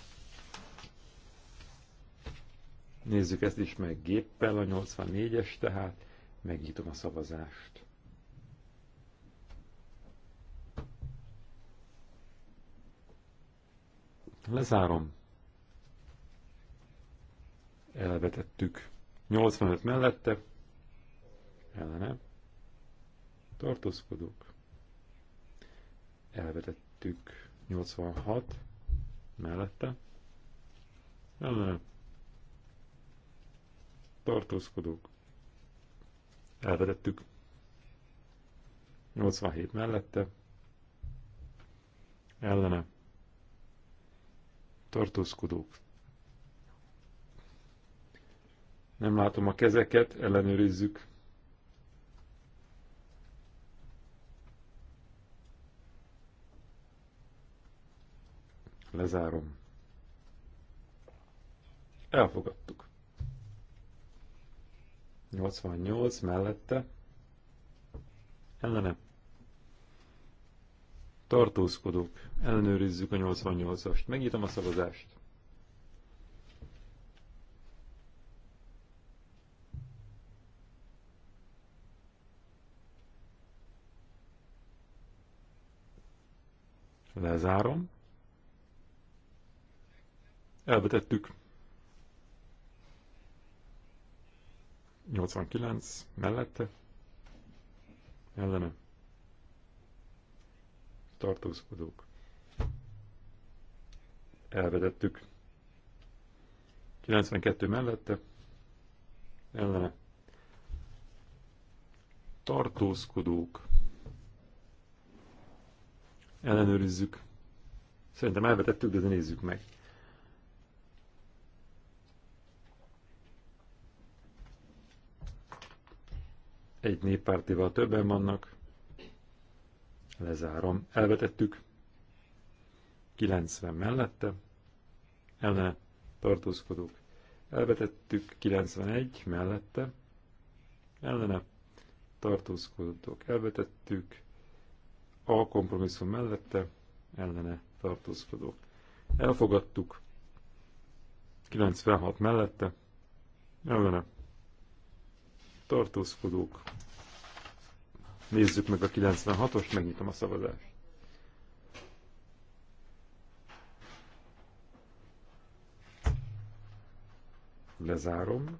B: Nézzük ezt is meg géppel, a 84-es, tehát megnyitom a szavazást. Lezárom. Elvetettük. 85 mellette, ellene. Tartózkodok elvetettük 86 mellette. Ellene tartózkodók elvetettük 87 mellette. Ellene tartózkodók nem látom a kezeket, ellenőrizzük Lezárom. Elfogadtuk. 88 mellette. Ellene. Tartózkodók. Ellenőrizzük a 88-ast. Megnyitom a szavazást. Lezárom elvetettük. 89 mellette, ellene tartózkodók. elvetettük. 92 mellette, ellene tartózkodók. Ellenőrizzük. Szerintem elvetettük, de nézzük meg. Egy néppártival többen vannak. Lezárom. Elvetettük. 90 mellette. Ellene tartózkodók. Elvetettük 91 mellette. Ellene tartózkodók. Elvetettük a kompromisszum mellette. Ellene tartózkodók. Elfogadtuk 96 mellette. Ellene tartózkodók. Nézzük meg a 96-os, megnyitom a szavazást. Lezárom.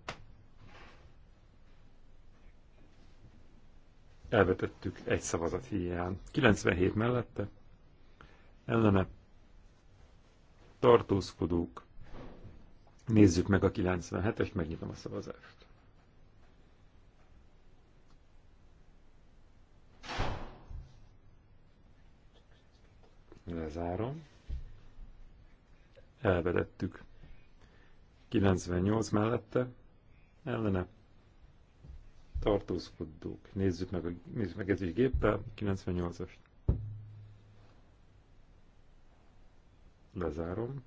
B: Elvetettük egy szavazat hiány. 97 mellette. Ellene tartózkodók. Nézzük meg a 97-est, megnyitom a szavazást. Lezárom. Elvedettük. 98 mellette, ellene tartózkodók. Nézzük meg, nézzük meg ez is géppel, 98-as. Lezárom.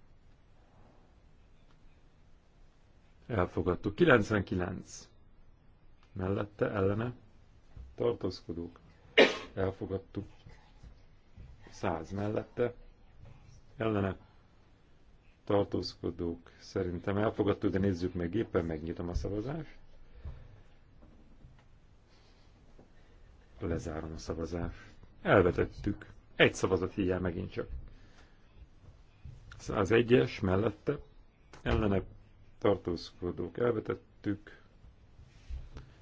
B: Elfogadtuk. 99. Mellette, ellene tartózkodók. Elfogadtuk. 100 mellette ellene tartózkodók szerintem elfogadtuk, de nézzük meg éppen, megnyitom a szavazást. Lezárom a szavazást. Elvetettük. Egy szavazat hiány megint csak. Az egyes mellette ellene tartózkodók elvetettük.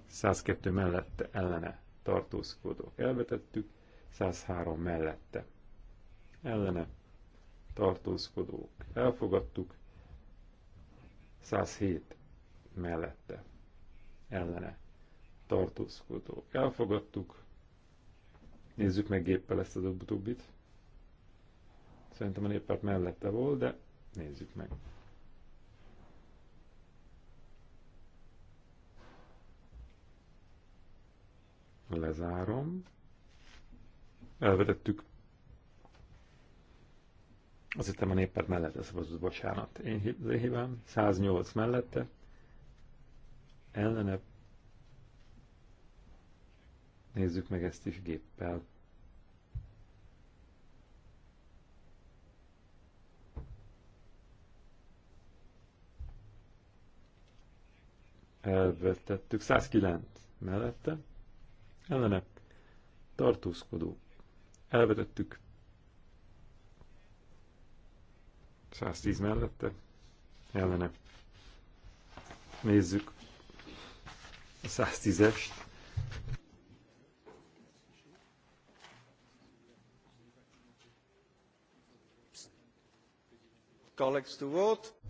B: 102 mellette ellene tartózkodók elvetettük. 103 mellette ellene tartózkodók elfogadtuk, 107 mellette ellene tartózkodók elfogadtuk. Nézzük meg géppel ezt az utóbbit. Szerintem a néppárt mellette volt, de nézzük meg. Lezárom. Elvetettük az hittem a néppárt mellette az, bocsánat. Én, hívám, 108 mellette, ellene. Nézzük meg ezt is géppel. elvetettük. 109 mellette, ellene tartózkodó. Elvetettük 110 mellette, ellene. Nézzük a 110-est.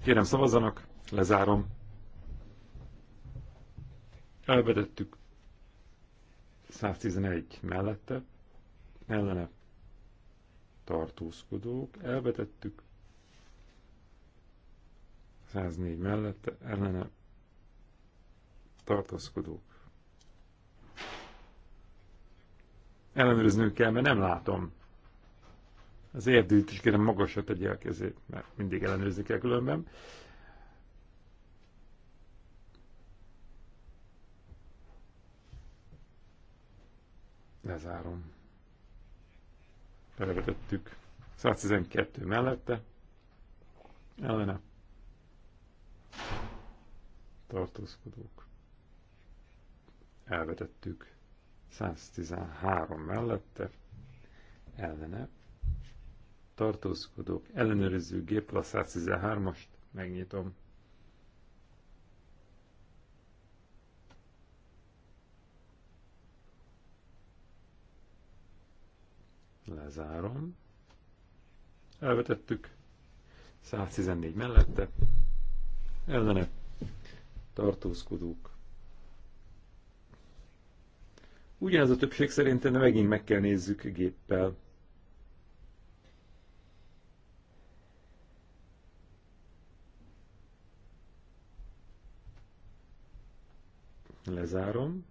B: Kérem szavazzanak, lezárom. Elvedettük. 111 mellette, ellene tartózkodók, elvetettük 104 mellette ellene tartózkodók. Ellenőriznünk kell, mert nem látom. Az érdőt is kérem magasra tegye a kezét, mert mindig ellenőrizni kell különben. Lezárom. Belevetettük. 112 mellette. Ellene tartózkodók. Elvetettük 113 mellette, ellene tartózkodók, ellenőrző gép a 113-ast, megnyitom. Lezárom. Elvetettük 114 mellette, ellene tartózkodók. Ugyanez a többség szerintem megint meg kell nézzük géppel. Lezárom.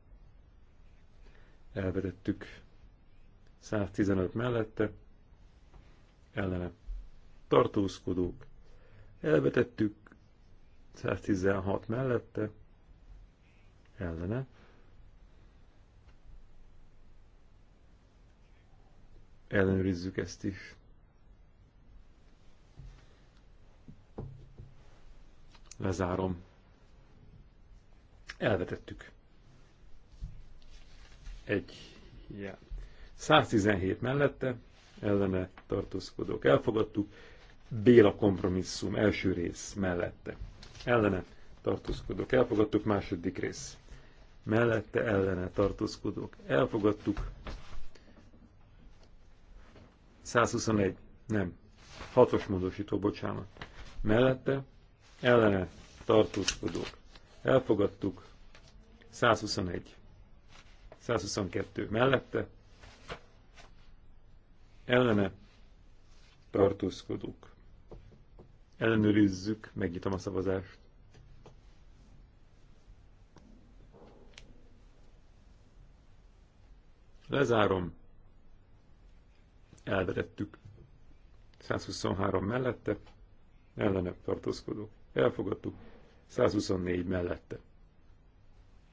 B: Elvetettük 115 mellette. Ellene. Tartózkodók. Elvetettük 116 mellette, ellene. Ellenőrizzük ezt is. Lezárom. Elvetettük. Egy ilyen. 117 mellette, ellene tartózkodók elfogadtuk, Béla kompromisszum első rész mellette ellene tartózkodok. elfogadtuk, második rész mellette ellene tartózkodok. elfogadtuk, 121, nem, Hatos módosító, bocsánat, mellette ellene tartózkodok. elfogadtuk, 121, 122 mellette ellene tartózkodok. Ellenőrizzük, megnyitom a szavazást. Lezárom. Elvedettük. 123 mellette, ellene tartózkodó. Elfogadtuk. 124 mellette.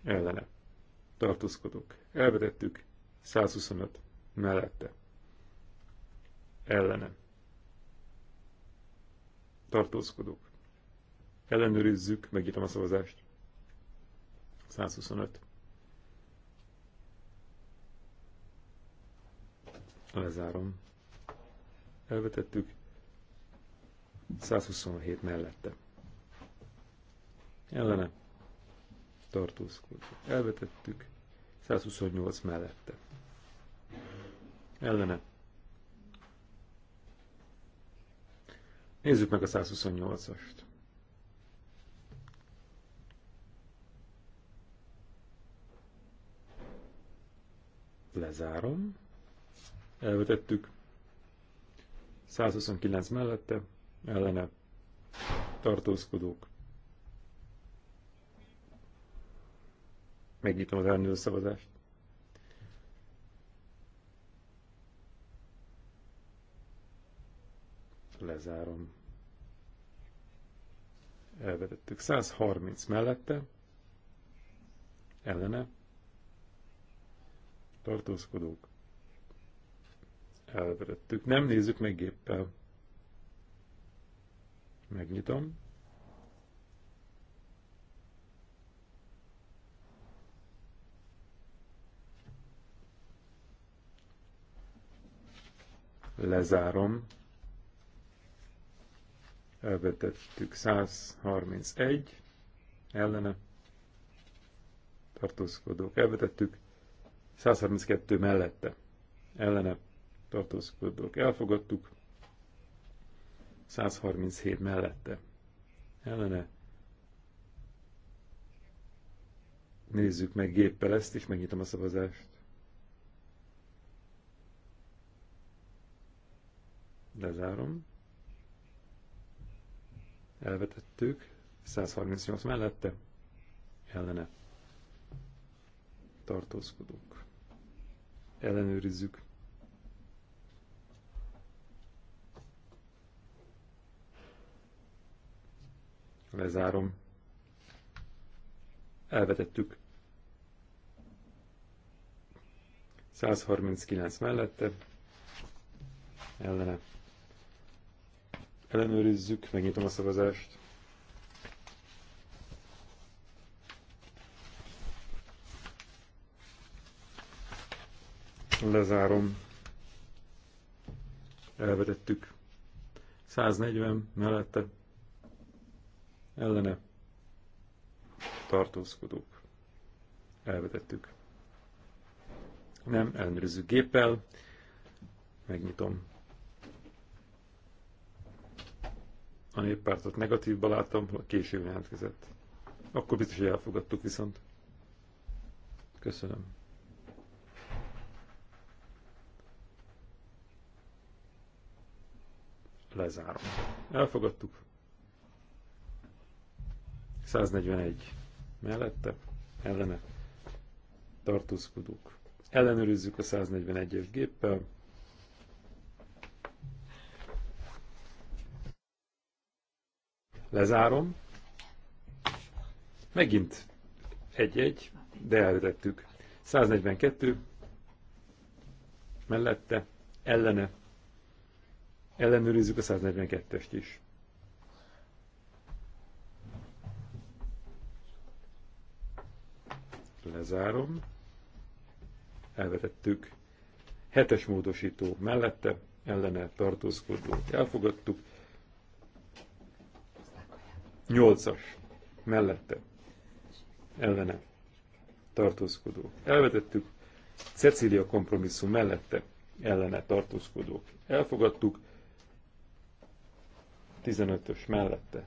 B: Ellene. Tartózkodók. Elvetettük. 125 mellette. Ellene tartózkodók. Ellenőrizzük, megírom a szavazást. 125. Lezárom. Elvetettük. 127 mellette. Ellene. Tartózkodók. Elvetettük. 128 mellette. Ellene Nézzük meg a 128-ast. Lezárom. Elvetettük. 129 mellette, ellene tartózkodók. Megnyitom az elnöző szavazást. Lezárom elvetettük. 130 mellette, ellene, tartózkodók, elvetettük. Nem nézzük meg géppel. Megnyitom. Lezárom elvetettük 131, ellene tartózkodók, elvetettük 132 mellette, ellene tartózkodók, elfogadtuk 137 mellette, ellene nézzük meg géppel ezt, is, megnyitom a szavazást. Lezárom elvetettük, 138 mellette, ellene tartózkodunk. Ellenőrizzük. Lezárom. Elvetettük. 139 mellette, ellene ellenőrizzük, megnyitom a szavazást. Lezárom. Elvetettük. 140 mellette. Ellene. Tartózkodók. Elvetettük. Nem, ellenőrizzük géppel. Megnyitom. A néppártot negatívba látom, később jelentkezett. Akkor biztos, hogy elfogadtuk viszont. Köszönöm. Lezárom. Elfogadtuk. 141 mellette, ellene tartózkodók. Ellenőrizzük a 141-es géppel. Lezárom. Megint egy-egy, de elvetettük. 142 mellette, ellene. Ellenőrizzük a 142-est is. Lezárom. Elvetettük. Hetes módosító mellette, ellene tartózkodó. Elfogadtuk. Nyolcas. Mellette. Ellene. tartózkodó. Elvetettük. Cecília kompromisszum mellette. Ellene. Tartózkodók. Elfogadtuk. 15-ös mellette.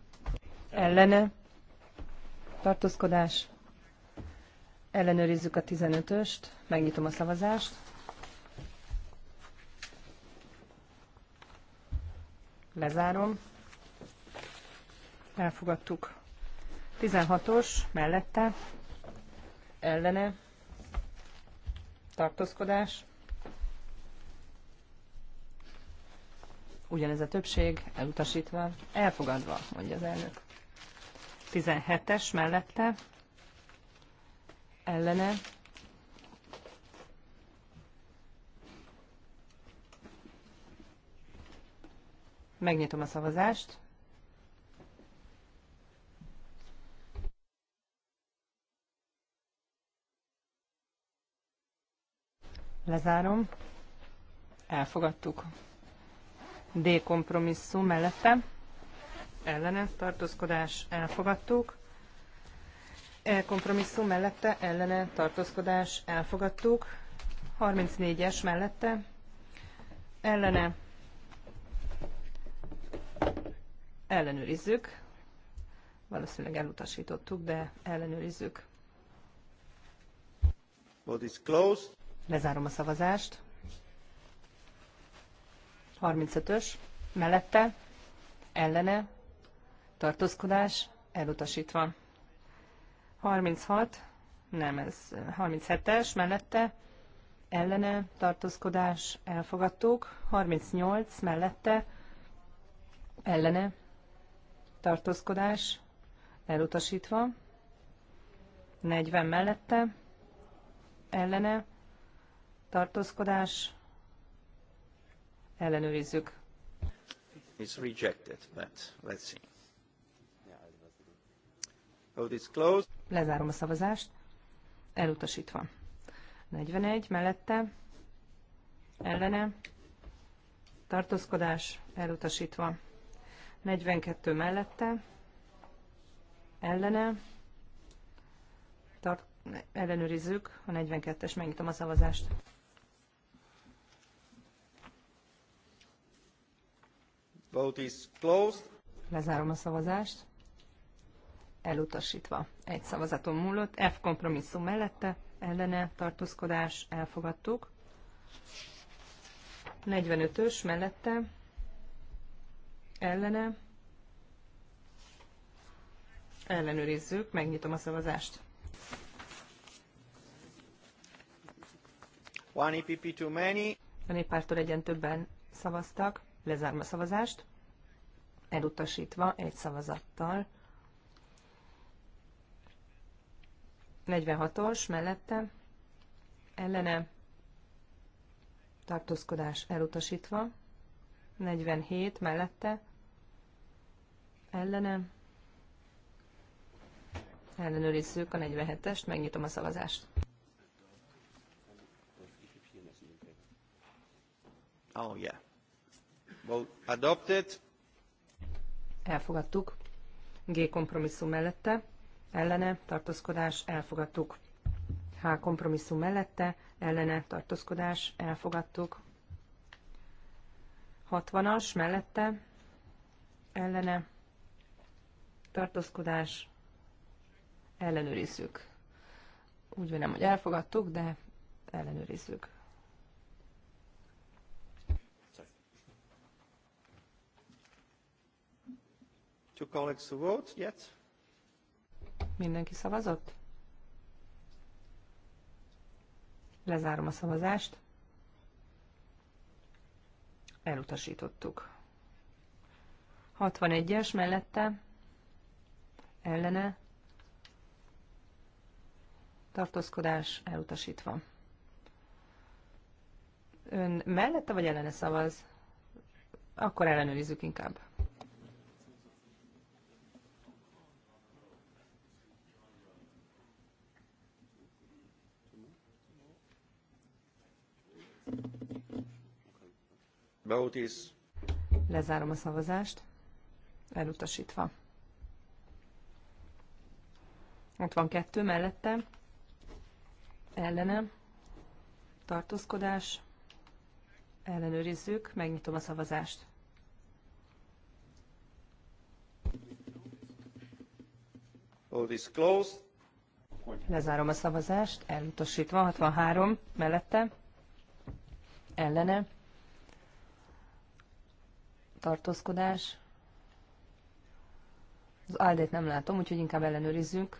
A: Ellene. Tartózkodás. Ellenőrizzük a 15-öst. Megnyitom a szavazást. Lezárom elfogadtuk. 16-os mellette ellene tartózkodás. Ugyanez a többség elutasítva, elfogadva, mondja az elnök. 17-es mellette ellene Megnyitom a szavazást. Lezárom. Elfogadtuk. D kompromisszum mellette. Ellene tartózkodás. Elfogadtuk. E kompromisszum mellette. Ellene tartózkodás. Elfogadtuk. 34-es mellette. Ellene. Ellenőrizzük. Valószínűleg elutasítottuk, de ellenőrizzük.
D: Vote is closed.
A: Lezárom a szavazást. 35-ös, mellette, ellene, tartózkodás, elutasítva. 36, nem ez, 37-es, mellette, ellene, tartózkodás, elfogadtuk. 38, mellette, ellene, tartózkodás, elutasítva. 40 mellette, ellene, tartózkodás, ellenőrizzük.
D: It's rejected, but let's see. Vote is
A: closed. Lezárom a szavazást, elutasítva. 41 mellette, ellene, tartózkodás, elutasítva. 42 mellette, ellene, tart, ellenőrizzük a 42-es, megnyitom a szavazást.
D: Vote is closed.
A: Lezárom a szavazást. Elutasítva. Egy szavazaton múlott. F kompromisszum mellette. Ellene tartózkodás. Elfogadtuk. 45-ös mellette. Ellene. Ellenőrizzük. Megnyitom a szavazást. One EPP too many. A néppártól egyen többen szavaztak. Lezárom a szavazást. Elutasítva egy szavazattal. 46-os mellette. Ellene. Tartózkodás elutasítva. 47 mellette. Ellene. Ellenőrizzük a 47-est, megnyitom a szavazást. Oh, yeah. Elfogadtuk. G kompromisszum mellette, ellene, tartózkodás, elfogadtuk. H kompromisszum mellette, ellene, tartózkodás, elfogadtuk. 60-as mellette, ellene, tartózkodás, ellenőrizzük. Úgy vélem, hogy elfogadtuk, de ellenőrizzük.
D: Two colleagues vote yet.
C: Mindenki
A: szavazott? Lezárom a szavazást. Elutasítottuk. 61-es mellette, ellene, tartózkodás elutasítva. Ön mellette vagy ellene szavaz? Akkor ellenőrizzük inkább. Bautis. Lezárom a szavazást. Elutasítva. Ott van kettő mellette. Ellene. Tartózkodás. Ellenőrizzük. Megnyitom a szavazást.
D: Vote is closed.
A: Lezárom a szavazást, elutasítva, 63 mellette, ellene, tartózkodás. Az áldét nem látom, úgyhogy inkább ellenőrizzünk.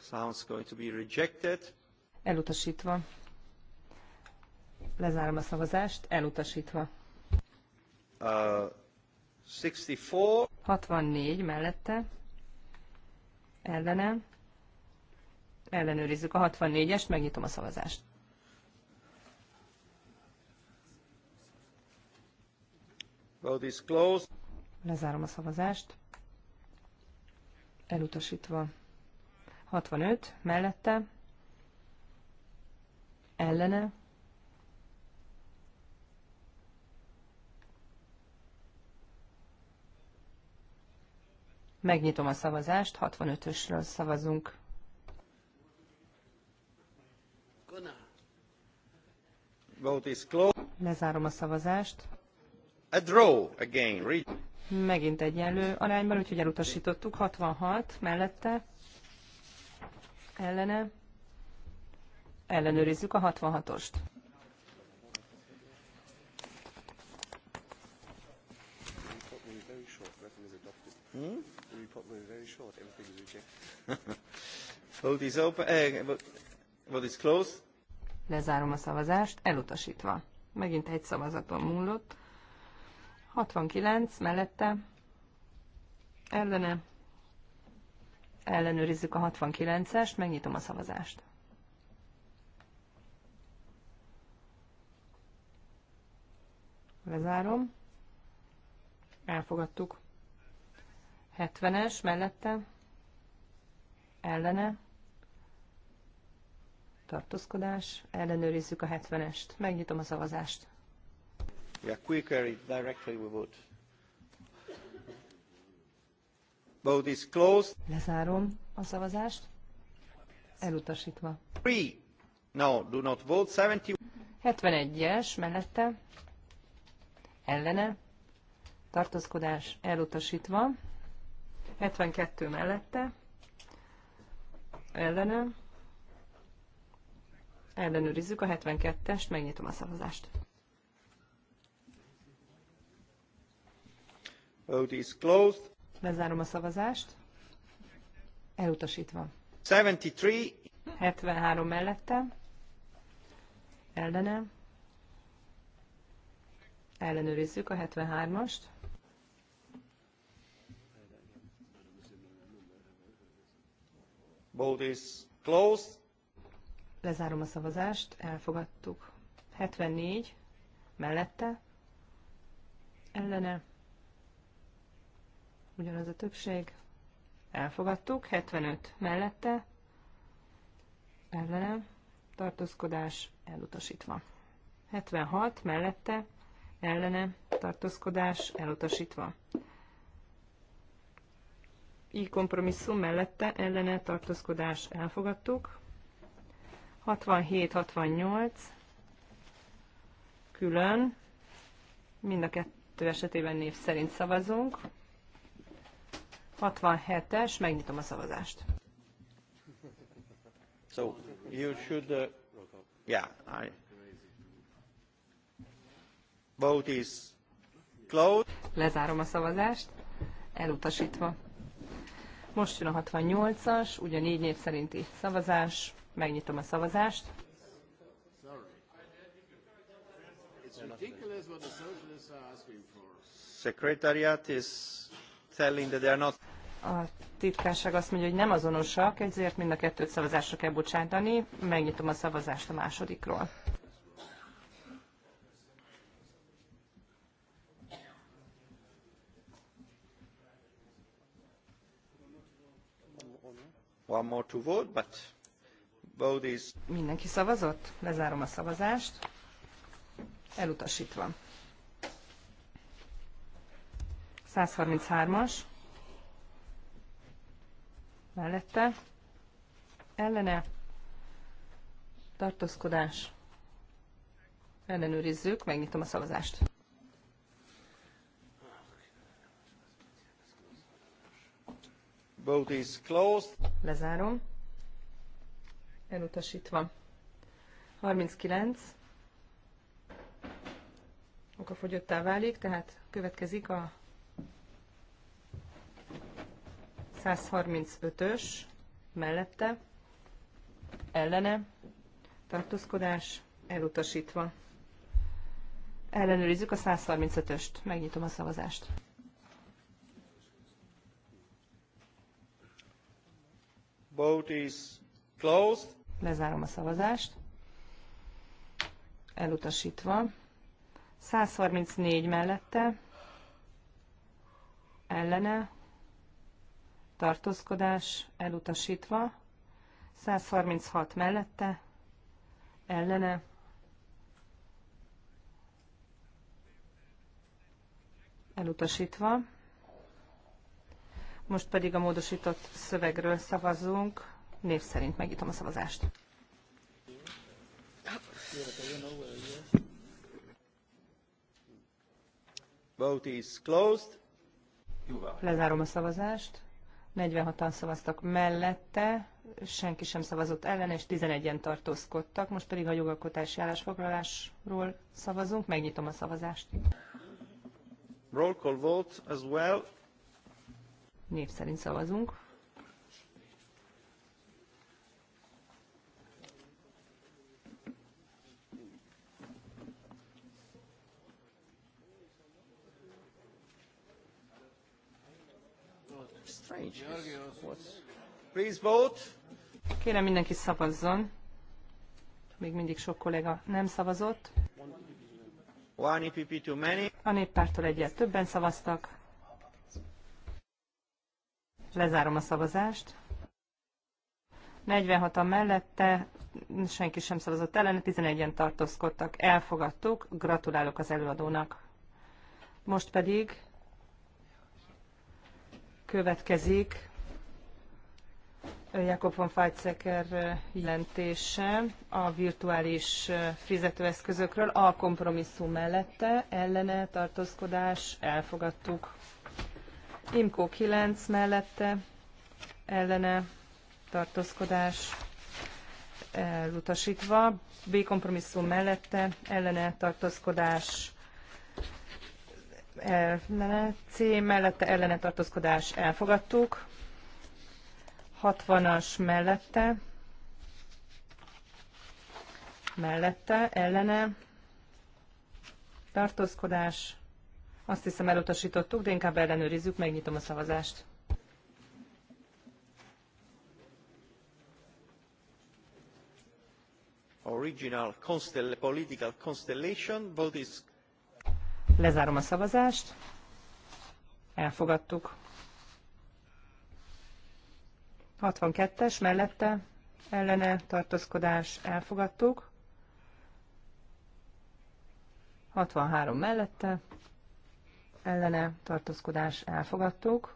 D: Sounds going to be rejected.
A: Elutasítva. Lezárom a szavazást, elutasítva.
D: Uh, 64.
A: 64 mellette. Ellenem. Ellenőrizzük a 64-est, megnyitom a szavazást.
D: Vote is closed.
A: Lezárom a szavazást. Elutasítva. 65 mellette. Ellene. Megnyitom a szavazást, 65-ösről szavazunk. Lezárom a szavazást.
D: A draw again.
A: Megint egyenlő arányban, úgyhogy elutasítottuk. 66 mellette, ellene. Ellenőrizzük a 66-ost.
D: Hmm? Vote is eh,
A: Lezárom a szavazást, elutasítva. Megint egy szavazaton múlott. 69 mellette ellene ellenőrizzük a 69-est, megnyitom a szavazást. Lezárom. Elfogadtuk. 70-es mellette ellene tartózkodás, ellenőrizzük a 70-est, megnyitom a szavazást.
D: Yeah, quicker directly we would. Vote is closed.
A: Lezárom a szavazást. Elutasítva.
D: Three. No, do not vote. 70.
A: 71-es mellette. Ellene. Tartózkodás elutasítva. 72 mellette. Ellene. Ellenőrizzük a 72-est, megnyitom a szavazást.
D: Vote is closed.
A: Lezárom a szavazást. Elutasítva.
D: 73.
A: 73 mellette. Ellene. Ellenőrizzük a 73-ast.
D: Vote is closed.
A: Lezárom a szavazást, elfogadtuk. 74 mellette, ellene, ugyanaz a többség, elfogadtuk, 75 mellette, ellenem, tartózkodás elutasítva. 76 mellette, ellene, tartózkodás elutasítva. i kompromisszum mellette, ellene, tartózkodás elfogadtuk. 67-68 külön, mind a kettő esetében név szerint szavazunk. 67-es, megnyitom a szavazást.
D: So you should, uh, yeah, I, vote is
A: closed. Lezárom a szavazást, elutasítva. Most jön a 68-as, ugye négy név szerinti szavazás, megnyitom a szavazást.
D: Secretariat is
A: a titkárság azt mondja, hogy nem azonosak, ezért mind a kettőt szavazásra kell bocsátani. Megnyitom a szavazást a másodikról.
D: One more to vote, but vote is...
A: Mindenki szavazott? Lezárom a szavazást. Elutasítva. 133-as mellette ellene tartózkodás ellenőrizzük, megnyitom a szavazást.
D: Vote is closed.
A: Lezárom. Elutasítva. 39. Okafogyottá válik, tehát következik a 135-ös mellette, ellene, tartózkodás elutasítva. Ellenőrizzük a 135-öst. Megnyitom a szavazást.
D: Vote is closed.
A: Lezárom a szavazást. Elutasítva. 134 mellette. Ellene tartózkodás elutasítva, 136 mellette, ellene, elutasítva. Most pedig a módosított szövegről szavazunk. Név szerint megnyitom a szavazást.
D: Vote is closed.
A: Lezárom a szavazást. 46-an szavaztak mellette, senki sem szavazott ellen, és 11-en tartózkodtak. Most pedig a jogalkotási állásfoglalásról szavazunk. Megnyitom a szavazást.
D: Roll call vote as well.
A: Név szerint szavazunk. Please vote. Kérem mindenki szavazzon. Még mindig sok kollega nem szavazott. One EPP too many. A néppártól egyet többen szavaztak. Lezárom a szavazást. 46 a mellette, senki sem szavazott ellene, 11-en tartózkodtak. Elfogadtuk, gratulálok az előadónak. Most pedig Következik Jakob von Feitzeker jelentése a virtuális fizetőeszközökről a kompromisszum mellette, ellene tartózkodás, elfogadtuk. Imko 9 mellette, ellene tartózkodás, elutasítva, B kompromisszum mellette, ellene tartózkodás, C mellette ellene tartózkodás elfogadtuk, 60-as mellette, mellette ellene tartózkodás, azt hiszem elutasítottuk, de inkább ellenőrizzük, megnyitom a szavazást.
D: original political constellation vote is
A: Lezárom a szavazást. Elfogadtuk. 62-es mellette ellene tartózkodás elfogadtuk. 63 mellette ellene tartózkodás elfogadtuk.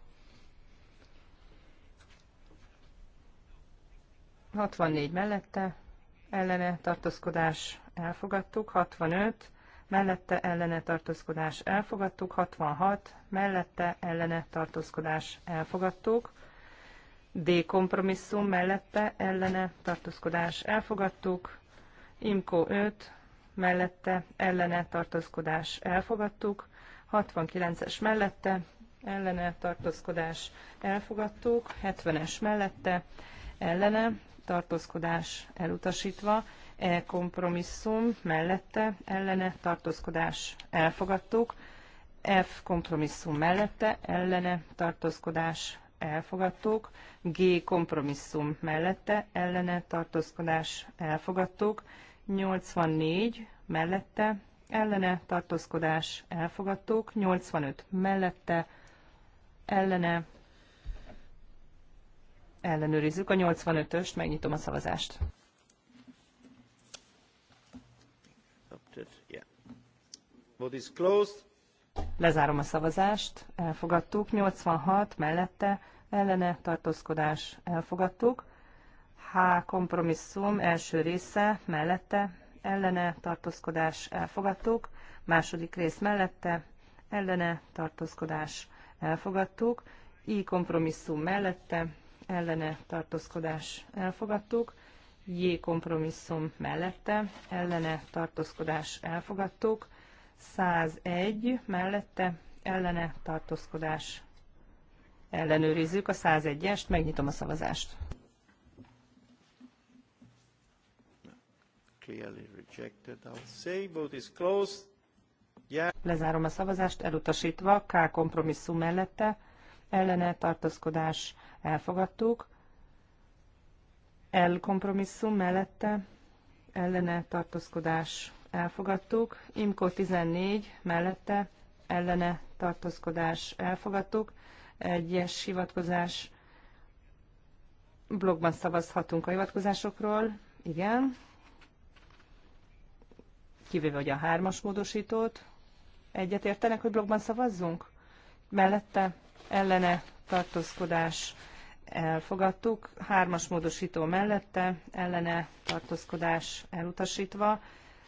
A: 64 mellette ellene tartózkodás elfogadtuk. 65 mellette ellene tartózkodás elfogadtuk, 66 mellette ellene tartózkodás elfogadtuk, D kompromisszum mellette ellene tartózkodás elfogadtuk, IMKO 5 mellette ellene tartózkodás elfogadtuk, 69-es mellette ellene tartózkodás elfogadtuk, 70-es mellette ellene tartózkodás elutasítva, E kompromisszum mellette ellene tartózkodás elfogadtuk. F kompromisszum mellette ellene tartózkodás elfogadtuk. G kompromisszum mellette ellene tartózkodás elfogadtuk. 84 mellette ellene tartózkodás elfogadtuk. 85 mellette ellene ellenőrizzük a 85-öst, megnyitom a szavazást. Lezárom a szavazást, elfogadtuk. 86 mellette ellene tartózkodás elfogadtuk. H kompromisszum első része mellette ellene tartózkodás elfogadtuk. Második rész mellette ellene tartózkodás elfogadtuk. I kompromisszum mellette ellene tartózkodás elfogadtuk. J kompromisszum mellette, ellene tartózkodás elfogadtuk, 101 mellette, ellene tartózkodás ellenőrizzük a 101-est, megnyitom a szavazást.
D: Clearly rejected. I'll say vote is closed.
A: Yeah. Lezárom a szavazást, elutasítva, K kompromisszum mellette, ellene tartózkodás elfogadtuk, el kompromisszum mellette ellene tartózkodás elfogadtuk. Imko 14 mellette ellene tartózkodás elfogadtuk. Egyes hivatkozás blogban szavazhatunk a hivatkozásokról. Igen. Kivéve, hogy a hármas módosítót. Egyet értenek, hogy blogban szavazzunk? Mellette ellene tartózkodás elfogadtuk elfogadtuk, hármas módosító mellette, ellene tartózkodás elutasítva,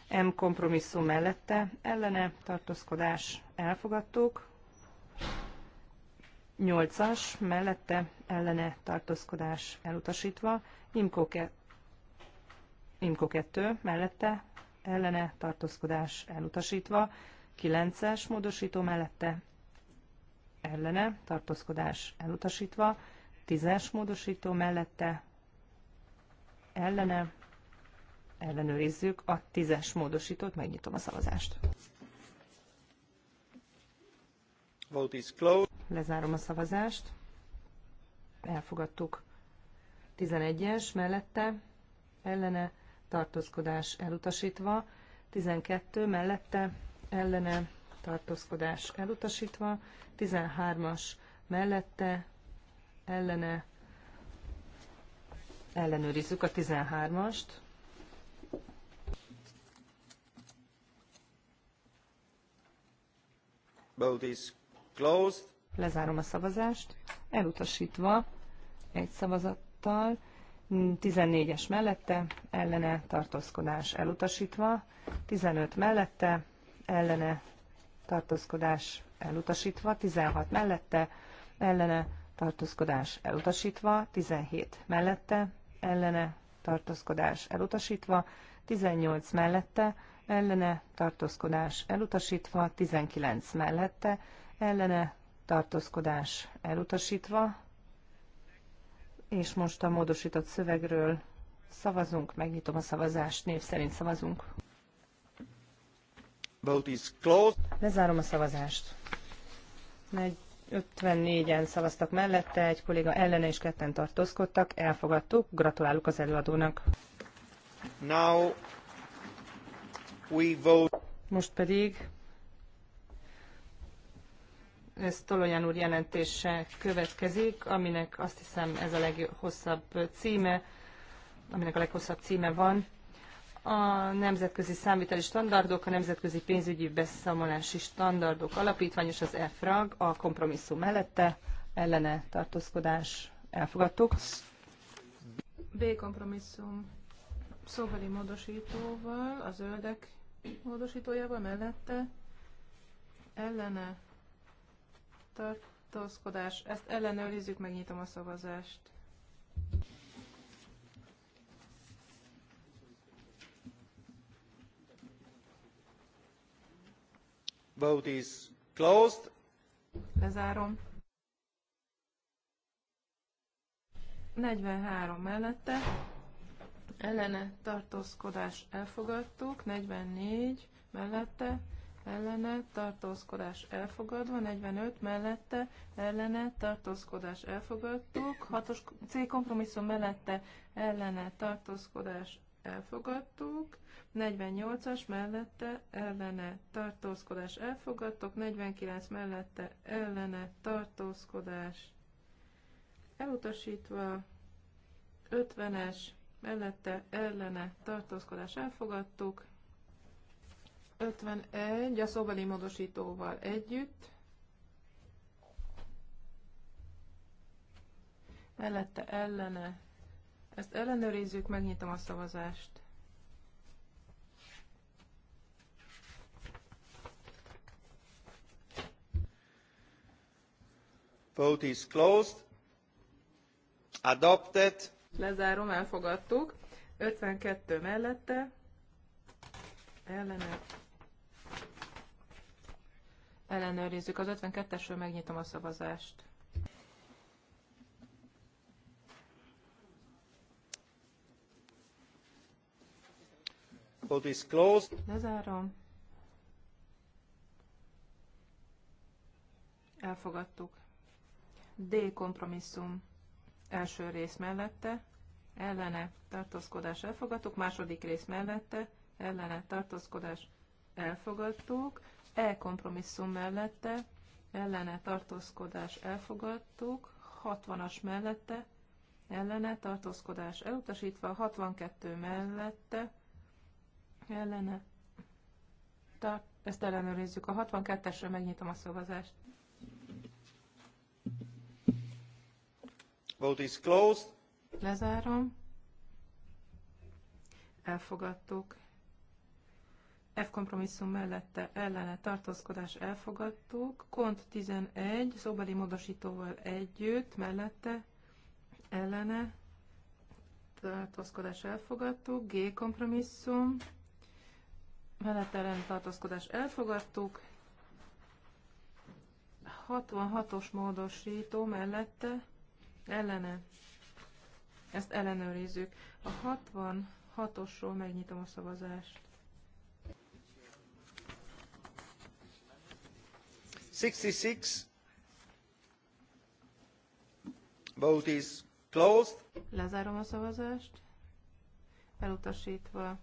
A: M kompromisszum mellette, ellene tartózkodás elfogadtuk, 8-as mellette, ellene tartózkodás elutasítva, Imko, ke- Imko 2 mellette, ellene tartózkodás elutasítva, 9-es módosító mellette, ellene tartózkodás elutasítva, Tízes módosító mellette ellene ellenőrizzük a tízes módosítót, megnyitom a szavazást.
D: Vote is closed.
A: Lezárom a szavazást. Elfogadtuk. 11-es mellette ellene tartózkodás elutasítva. 12 mellette ellene tartózkodás elutasítva. 13-as mellette ellene ellenőrizzük a 13-ast. Lezárom a szavazást. Elutasítva egy szavazattal, 14-es mellette, ellene tartózkodás elutasítva, 15 mellette, ellene tartózkodás elutasítva, 16 mellette, ellene tartózkodás elutasítva, 17 mellette, ellene tartózkodás elutasítva, 18 mellette, ellene tartózkodás elutasítva, 19 mellette, ellene tartózkodás elutasítva, és most a módosított szövegről szavazunk, megnyitom a szavazást, név szerint szavazunk.
D: Vote is closed.
A: Lezárom a szavazást. Egy 54-en szavaztak mellette, egy kolléga ellene és ketten tartózkodtak. Elfogadtuk. Gratulálok az előadónak.
D: Now we vote.
A: Most pedig ez Tolonyán úr jelentése következik, aminek azt hiszem ez a leghosszabb címe, aminek a leghosszabb címe van a nemzetközi számviteli standardok, a nemzetközi pénzügyi beszámolási standardok alapítványos az EFRAG, a kompromisszum mellette, ellene tartózkodás elfogadtuk.
C: B kompromisszum szóbeli módosítóval, a zöldek módosítójával mellette, ellene tartózkodás, ezt ellenőrizzük, megnyitom a szavazást.
D: Vote is closed.
C: Lezárom. 43 mellette, ellene tartózkodás elfogadtuk, 44 mellette, ellene tartózkodás elfogadva, 45 mellette, ellene tartózkodás elfogadtuk, 6-os C kompromisszum mellette, ellene tartózkodás elfogadtuk, 48-as mellette ellene tartózkodás elfogadtuk, 49 mellette ellene tartózkodás elutasítva, 50-es mellette ellene tartózkodás elfogadtuk, 51 a szóbeli módosítóval együtt, mellette ellene ezt ellenőrizzük, megnyitom a szavazást.
D: Vote is closed. Adopted.
C: Lezárom, elfogadtuk. 52 mellette. Ellene. Ellenőrizzük. Az 52-esről megnyitom a szavazást. Lezárom. Elfogadtuk. D kompromisszum első rész mellette, ellene tartózkodás elfogadtuk, második rész mellette, ellene tartózkodás elfogadtuk, E kompromisszum mellette, ellene tartózkodás elfogadtuk, 60-as mellette, ellene tartózkodás elutasítva, 62 mellette, ellene. Tart, ezt ellenőrizzük. A 62-esről megnyitom a szavazást.
D: Vote is closed.
C: Lezárom. Elfogadtuk. F kompromisszum mellette ellene tartózkodás elfogadtuk. Kont 11 szóbeli módosítóval együtt mellette ellene tartózkodás elfogadtuk. G kompromisszum menetelen ellen tartózkodás elfogadtuk, 66-os módosító mellette ellene, ezt ellenőrizzük. A 66-osról megnyitom a szavazást. 66
D: vote is
C: closed. Lezárom a szavazást. Elutasítva.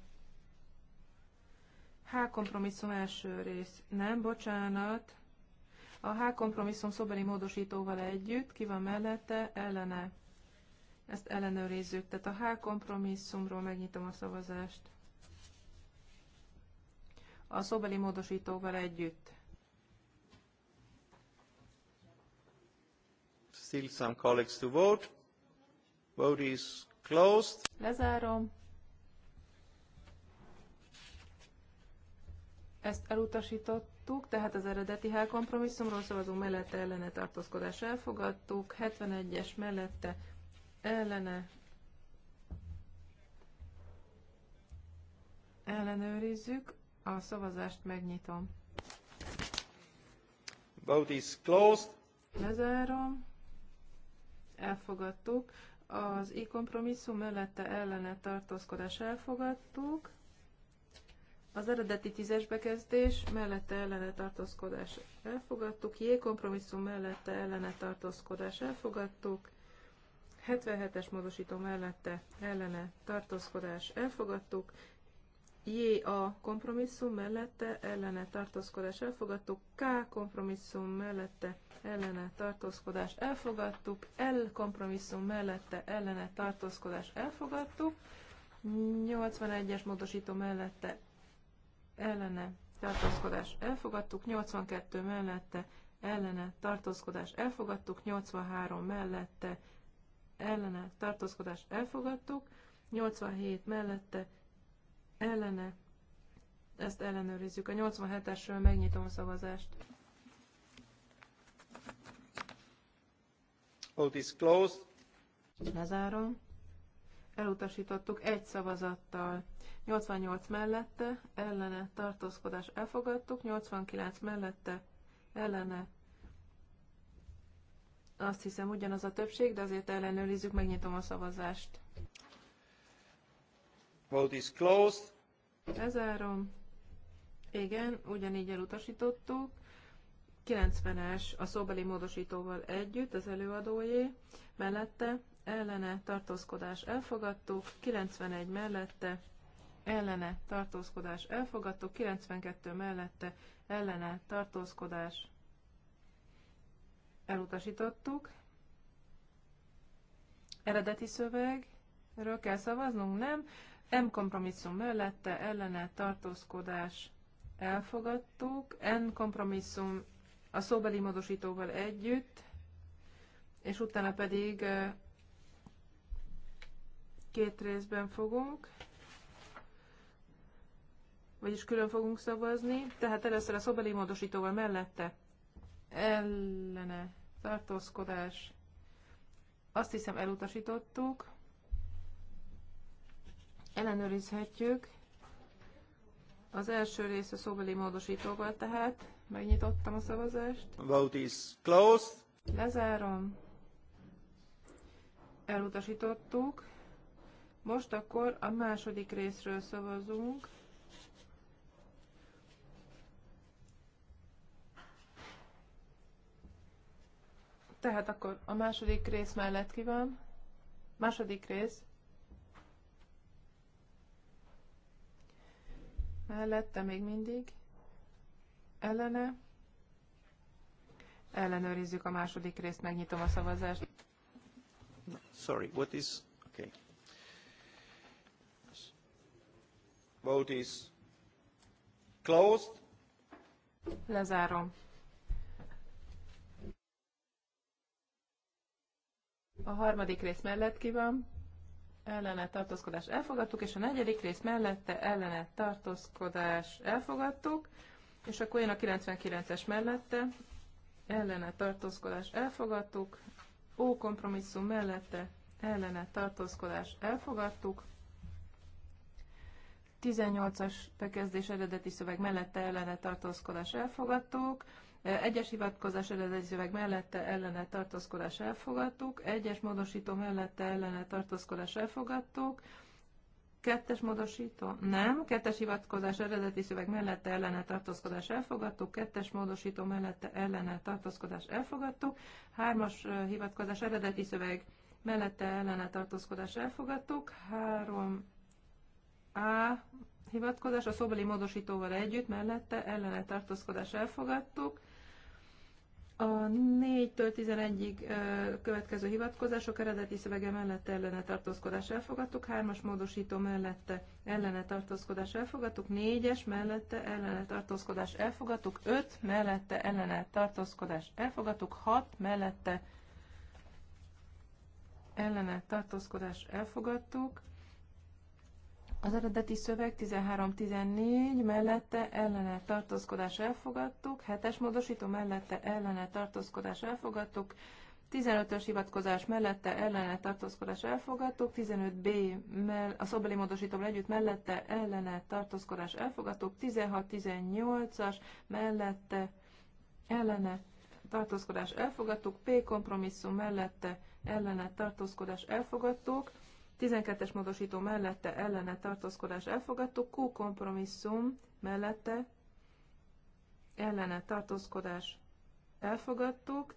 C: H kompromisszum első rész. Nem, bocsánat. A H kompromisszum szobeli módosítóval együtt, ki van mellette, ellene. Ezt ellenőrizzük. Tehát a H kompromisszumról megnyitom a szavazást. A szobeli módosítóval együtt.
D: Still some colleagues to vote. Vote is closed.
C: Lezárom. Ezt elutasítottuk, tehát az eredeti hál kompromisszumról szavazó mellette ellene tartózkodás elfogadtuk, 71-es mellette ellene ellenőrizzük, a szavazást megnyitom.
D: Vote is closed.
C: Lezárom. Elfogadtuk. Az i-kompromisszum mellette ellene tartózkodás elfogadtuk. Az eredeti tízes bekezdés mellette ellene tartózkodás elfogadtuk, J kompromisszum mellette ellene tartózkodás elfogadtuk, 77-es módosító mellette ellene tartózkodás elfogadtuk, J a kompromisszum mellette ellene tartózkodás elfogadtuk, K kompromisszum mellette ellene tartózkodás elfogadtuk, L kompromisszum mellette ellene tartózkodás elfogadtuk, 81-es módosító mellette ellene tartózkodás elfogadtuk, 82 mellette ellene tartózkodás elfogadtuk, 83 mellette ellene tartózkodás elfogadtuk, 87 mellette ellene, ezt ellenőrizzük. A 87-esről megnyitom a szavazást.
D: Vote is closed.
C: Lezárom. Elutasítottuk egy szavazattal. 88 mellette, ellene tartózkodás elfogadtuk, 89 mellette, ellene azt hiszem ugyanaz a többség, de azért ellenőrizzük, megnyitom a szavazást.
D: Vote is closed.
C: Lezárom. Igen, ugyanígy elutasítottuk. 90-es a szóbeli módosítóval együtt az előadójé, mellette ellene tartózkodás elfogadtuk, 91 mellette ellene tartózkodás elfogadtuk, 92 mellette ellene tartózkodás elutasítottuk. Eredeti szövegről kell szavaznunk, nem? M kompromisszum mellette ellene tartózkodás elfogadtuk, N kompromisszum a szóbeli módosítóval együtt, és utána pedig két részben fogunk vagyis külön fogunk szavazni. Tehát először a szobeli módosítóval mellette ellene tartózkodás. Azt hiszem elutasítottuk. Ellenőrizhetjük. Az első rész a szobeli módosítóval tehát. Megnyitottam a szavazást.
D: Vote is closed.
C: Lezárom. Elutasítottuk. Most akkor a második részről szavazunk. Tehát akkor a második rész mellett ki van? Második rész. Mellette még mindig. Ellene. Ellenőrizzük a második részt, megnyitom a szavazást.
D: Sorry, what is... Okay. Vote is closed.
C: Lezárom. A harmadik rész mellett ki van, ellene tartózkodás elfogadtuk, és a negyedik rész mellette ellene tartózkodás elfogadtuk, és akkor jön a 99-es mellette, ellene tartózkodás elfogadtuk, ó kompromisszum mellette ellene tartózkodás elfogadtuk, 18-as bekezdés eredeti szöveg mellette ellene tartózkodás elfogadtuk, egyes hivatkozás eredeti szöveg mellette ellene tartózkodás elfogadtuk, egyes módosító mellette ellene tartózkodás elfogadtuk, kettes módosító nem, kettes hivatkozás eredeti szöveg mellette ellene tartózkodás elfogadtuk, kettes módosító mellette ellene tartózkodás elfogadtuk, hármas hivatkozás eredeti szöveg mellette ellene tartózkodás elfogadtuk, három A hivatkozás a szobeli módosítóval együtt mellette ellene tartózkodás elfogadtuk, a 4-től 11-ig következő hivatkozások eredeti szövege mellett ellene tartózkodás elfogadtuk, 3-as módosító mellette ellene tartózkodás elfogadtuk, 4-es mellette ellene tartózkodás elfogadtuk, 5 mellette ellene tartózkodás elfogadtuk, 6 mellette ellene tartózkodás elfogadtuk, az eredeti szöveg 13-14 mellette ellene tartózkodás elfogadtuk, 7-es módosító mellette ellene tartózkodás elfogadtuk, 15-ös hivatkozás mellette ellene tartózkodás elfogadtuk, 15B mell- a szobeli módosítóval együtt mellette ellene tartózkodás elfogadtuk, 16-18-as mellette ellene tartózkodás elfogadtuk, P kompromisszum mellette ellene tartózkodás elfogadtuk, 12-es módosító mellette ellene tartózkodás elfogadtuk, Q kompromisszum mellette ellene tartózkodás elfogadtuk,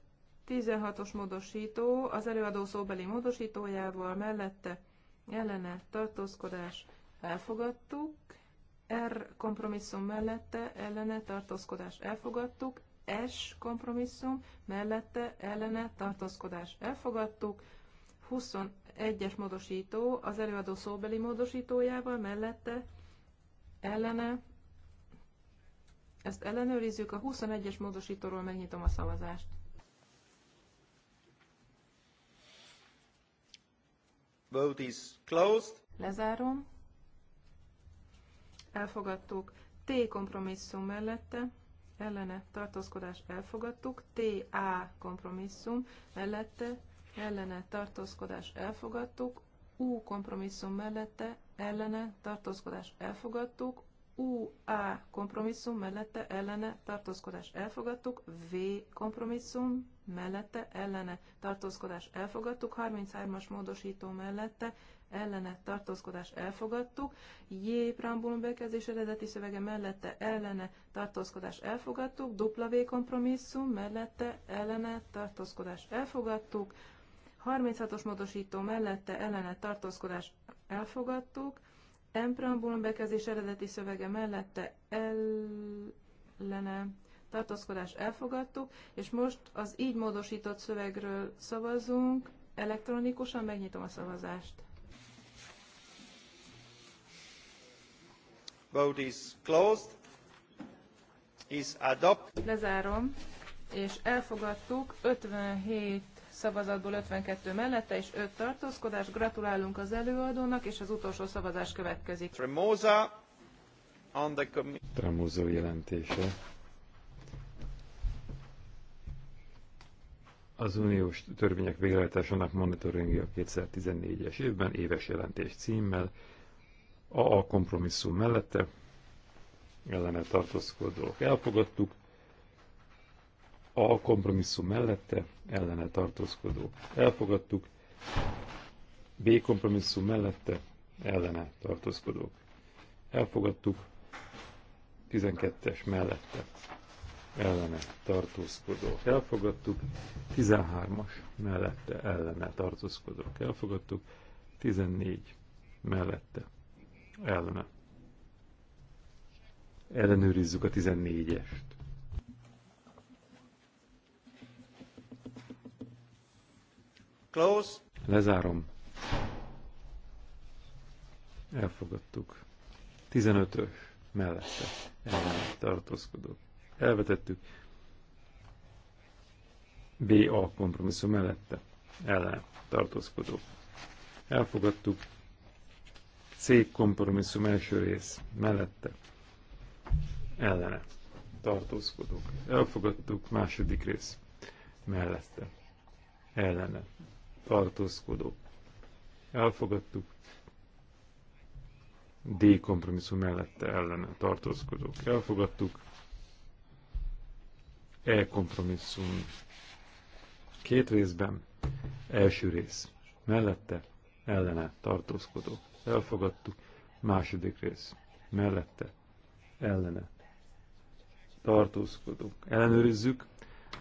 C: 16-os módosító az előadó szóbeli módosítójával mellette ellene tartózkodás elfogadtuk, R kompromisszum mellette ellene tartózkodás elfogadtuk, S kompromisszum mellette ellene tartózkodás elfogadtuk, 20 egyes módosító az előadó szóbeli módosítójával mellette ellene. Ezt ellenőrizzük, a 21-es módosítóról megnyitom a szavazást.
D: Vote is closed.
C: Lezárom. Elfogadtuk. T kompromisszum mellette ellene tartózkodás elfogadtuk, T A kompromisszum mellette ellene tartózkodás elfogadtuk, U kompromisszum mellette ellene tartózkodás elfogadtuk, UA kompromisszum mellette ellene tartózkodás elfogadtuk, V kompromisszum mellette ellene tartózkodás elfogadtuk, 33-as módosító mellette ellene tartózkodás elfogadtuk, J preambulum bekezdés eredeti szövege mellette ellene tartózkodás elfogadtuk, W kompromisszum mellette ellene tartózkodás elfogadtuk, 36-os módosító mellette ellene tartózkodást elfogadtuk, Empreambulum bekezdés eredeti szövege mellette ellene tartózkodást elfogadtuk, és most az így módosított szövegről szavazunk, elektronikusan megnyitom a szavazást.
D: Vote is closed. Is adopt.
C: Lezárom, és elfogadtuk 57 szavazatból 52 mellette és 5 tartózkodás. Gratulálunk az előadónak, és az utolsó szavazás következik. Tremosa
D: on the
B: Tremozó jelentése. Az uniós törvények végrehajtásának monitoringja 2014-es évben éves jelentés címmel, a, a kompromisszum mellette ellene tartózkodók elfogadtuk, a kompromisszum mellette ellene tartózkodó. elfogadtuk. B kompromisszum mellette ellene tartózkodók elfogadtuk. 12-es mellette ellene tartózkodók elfogadtuk, 13-as mellette ellene tartózkodók elfogadtuk, 14 mellette ellene. Ellenőrizzük a 14-est. Close. Lezárom. Elfogadtuk. 15-ös mellette ellen tartózkodok. Elvetettük. BA kompromisszum mellette ellen tartózkodó. Elfogadtuk. C kompromisszum első rész mellette ellene tartózkodók. Elfogadtuk második rész mellette ellene tartózkodó. Elfogadtuk. D kompromisszum mellette ellene tartózkodók. Elfogadtuk. E kompromisszum. Két részben. Első rész. Mellette ellene tartózkodó. Elfogadtuk. Második rész. Mellette ellene tartózkodók. Ellenőrizzük.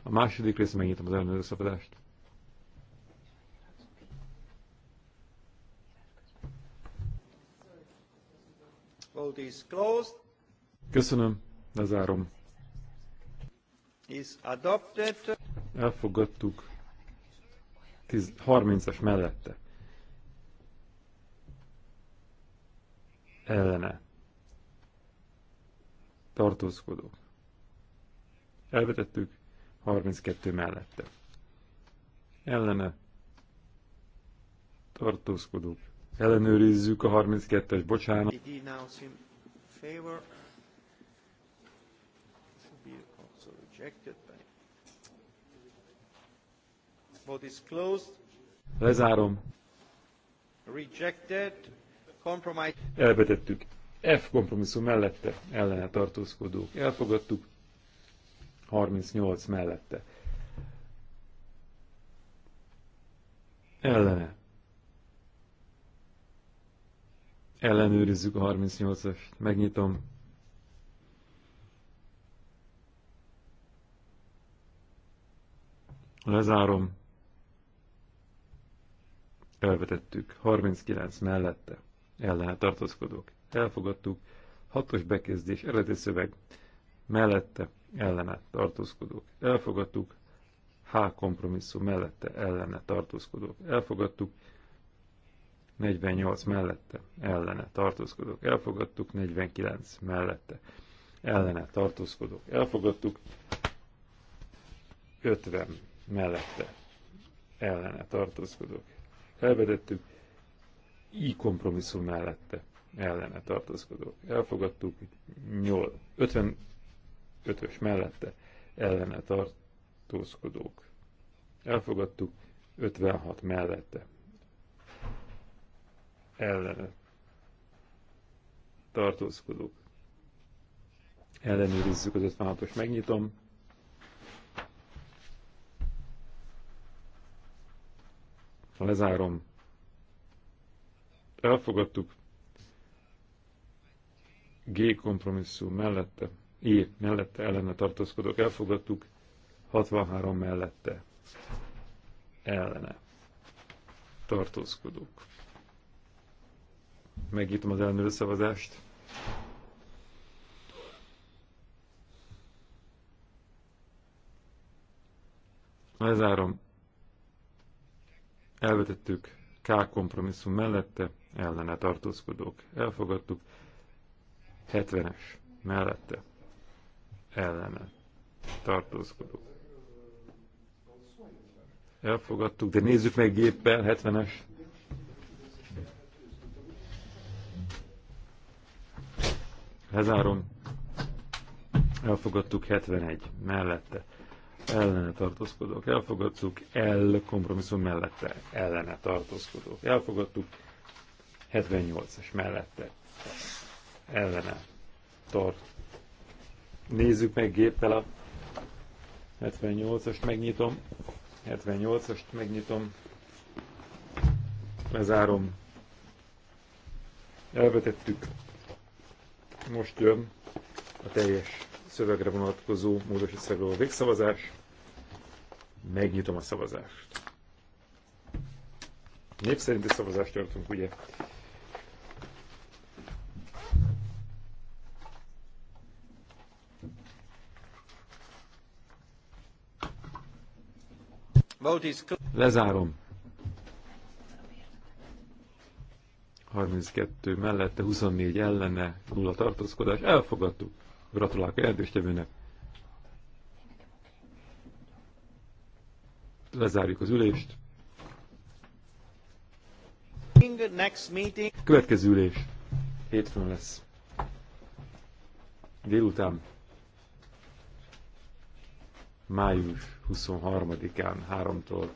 B: A második rész megnyitom az ellenőrző szabadást. Köszönöm, lezárom. Elfogadtuk 30-as mellette. Ellene. Tartózkodó. Elvetettük 32 mellette. Ellene. Tartózkodók Ellenőrizzük a 32-es, bocsánat. Lezárom.
D: Rejected.
B: Elvetettük. F kompromisszum mellette ellene tartózkodók. Elfogadtuk. 38 mellette. Ellene Ellenőrizzük a 38-as. Megnyitom. Lezárom. Elvetettük. 39 mellette. Ellene tartózkodók. Elfogadtuk. Hatos bekezdés. Eredeti szöveg. Mellette. Ellene tartózkodók. Elfogadtuk. H kompromisszum mellette ellene tartózkodók. Elfogadtuk. 48 mellette, ellene tartózkodók elfogadtuk, 49 mellette, ellene tartózkodók elfogadtuk, 50 mellette, ellene tartózkodók elvedettük, így kompromisszum mellette, ellene tartózkodók elfogadtuk, 8, 55-ös mellette, ellene tartózkodók elfogadtuk, 56 mellette, ellene tartózkodók. Ellenőrizzük az 56-os, megnyitom. Lezárom. Elfogadtuk. G kompromisszum mellette, I mellette ellene tartózkodók. Elfogadtuk. 63 mellette ellene tartózkodók. Megnyitom az ellenőrző szavazást. Lezárom. Elvetettük K kompromisszum mellette, ellene tartózkodók. Elfogadtuk. 70-es mellette, ellene tartózkodók. Elfogadtuk, de nézzük meg géppel, 70-es. Lezárom. Elfogadtuk 71 mellette. Ellene tartózkodók. Elfogadtuk el kompromisszum mellette. Ellene tartózkodók. Elfogadtuk 78 es mellette. Ellene tart. Nézzük meg géppel a 78-ast megnyitom. 78-ast megnyitom. Lezárom. Elvetettük most jön a teljes szövegre vonatkozó módosít a végszavazás. Megnyitom a szavazást. Népszerinti szavazást tartunk, ugye? Lezárom. 32 mellette, 24 ellene, nulla tartózkodás. Elfogadtuk. Gratulálok a jelentéstevőnek. Lezárjuk az ülést. Következő ülés. Hétfőn lesz. Délután. Május 23-án, 3-tól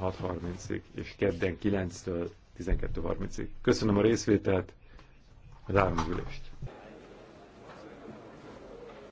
B: 6.30-ig, és kedden 9-től 12.30-ig. Köszönöm a részvételt, az államgyűlést!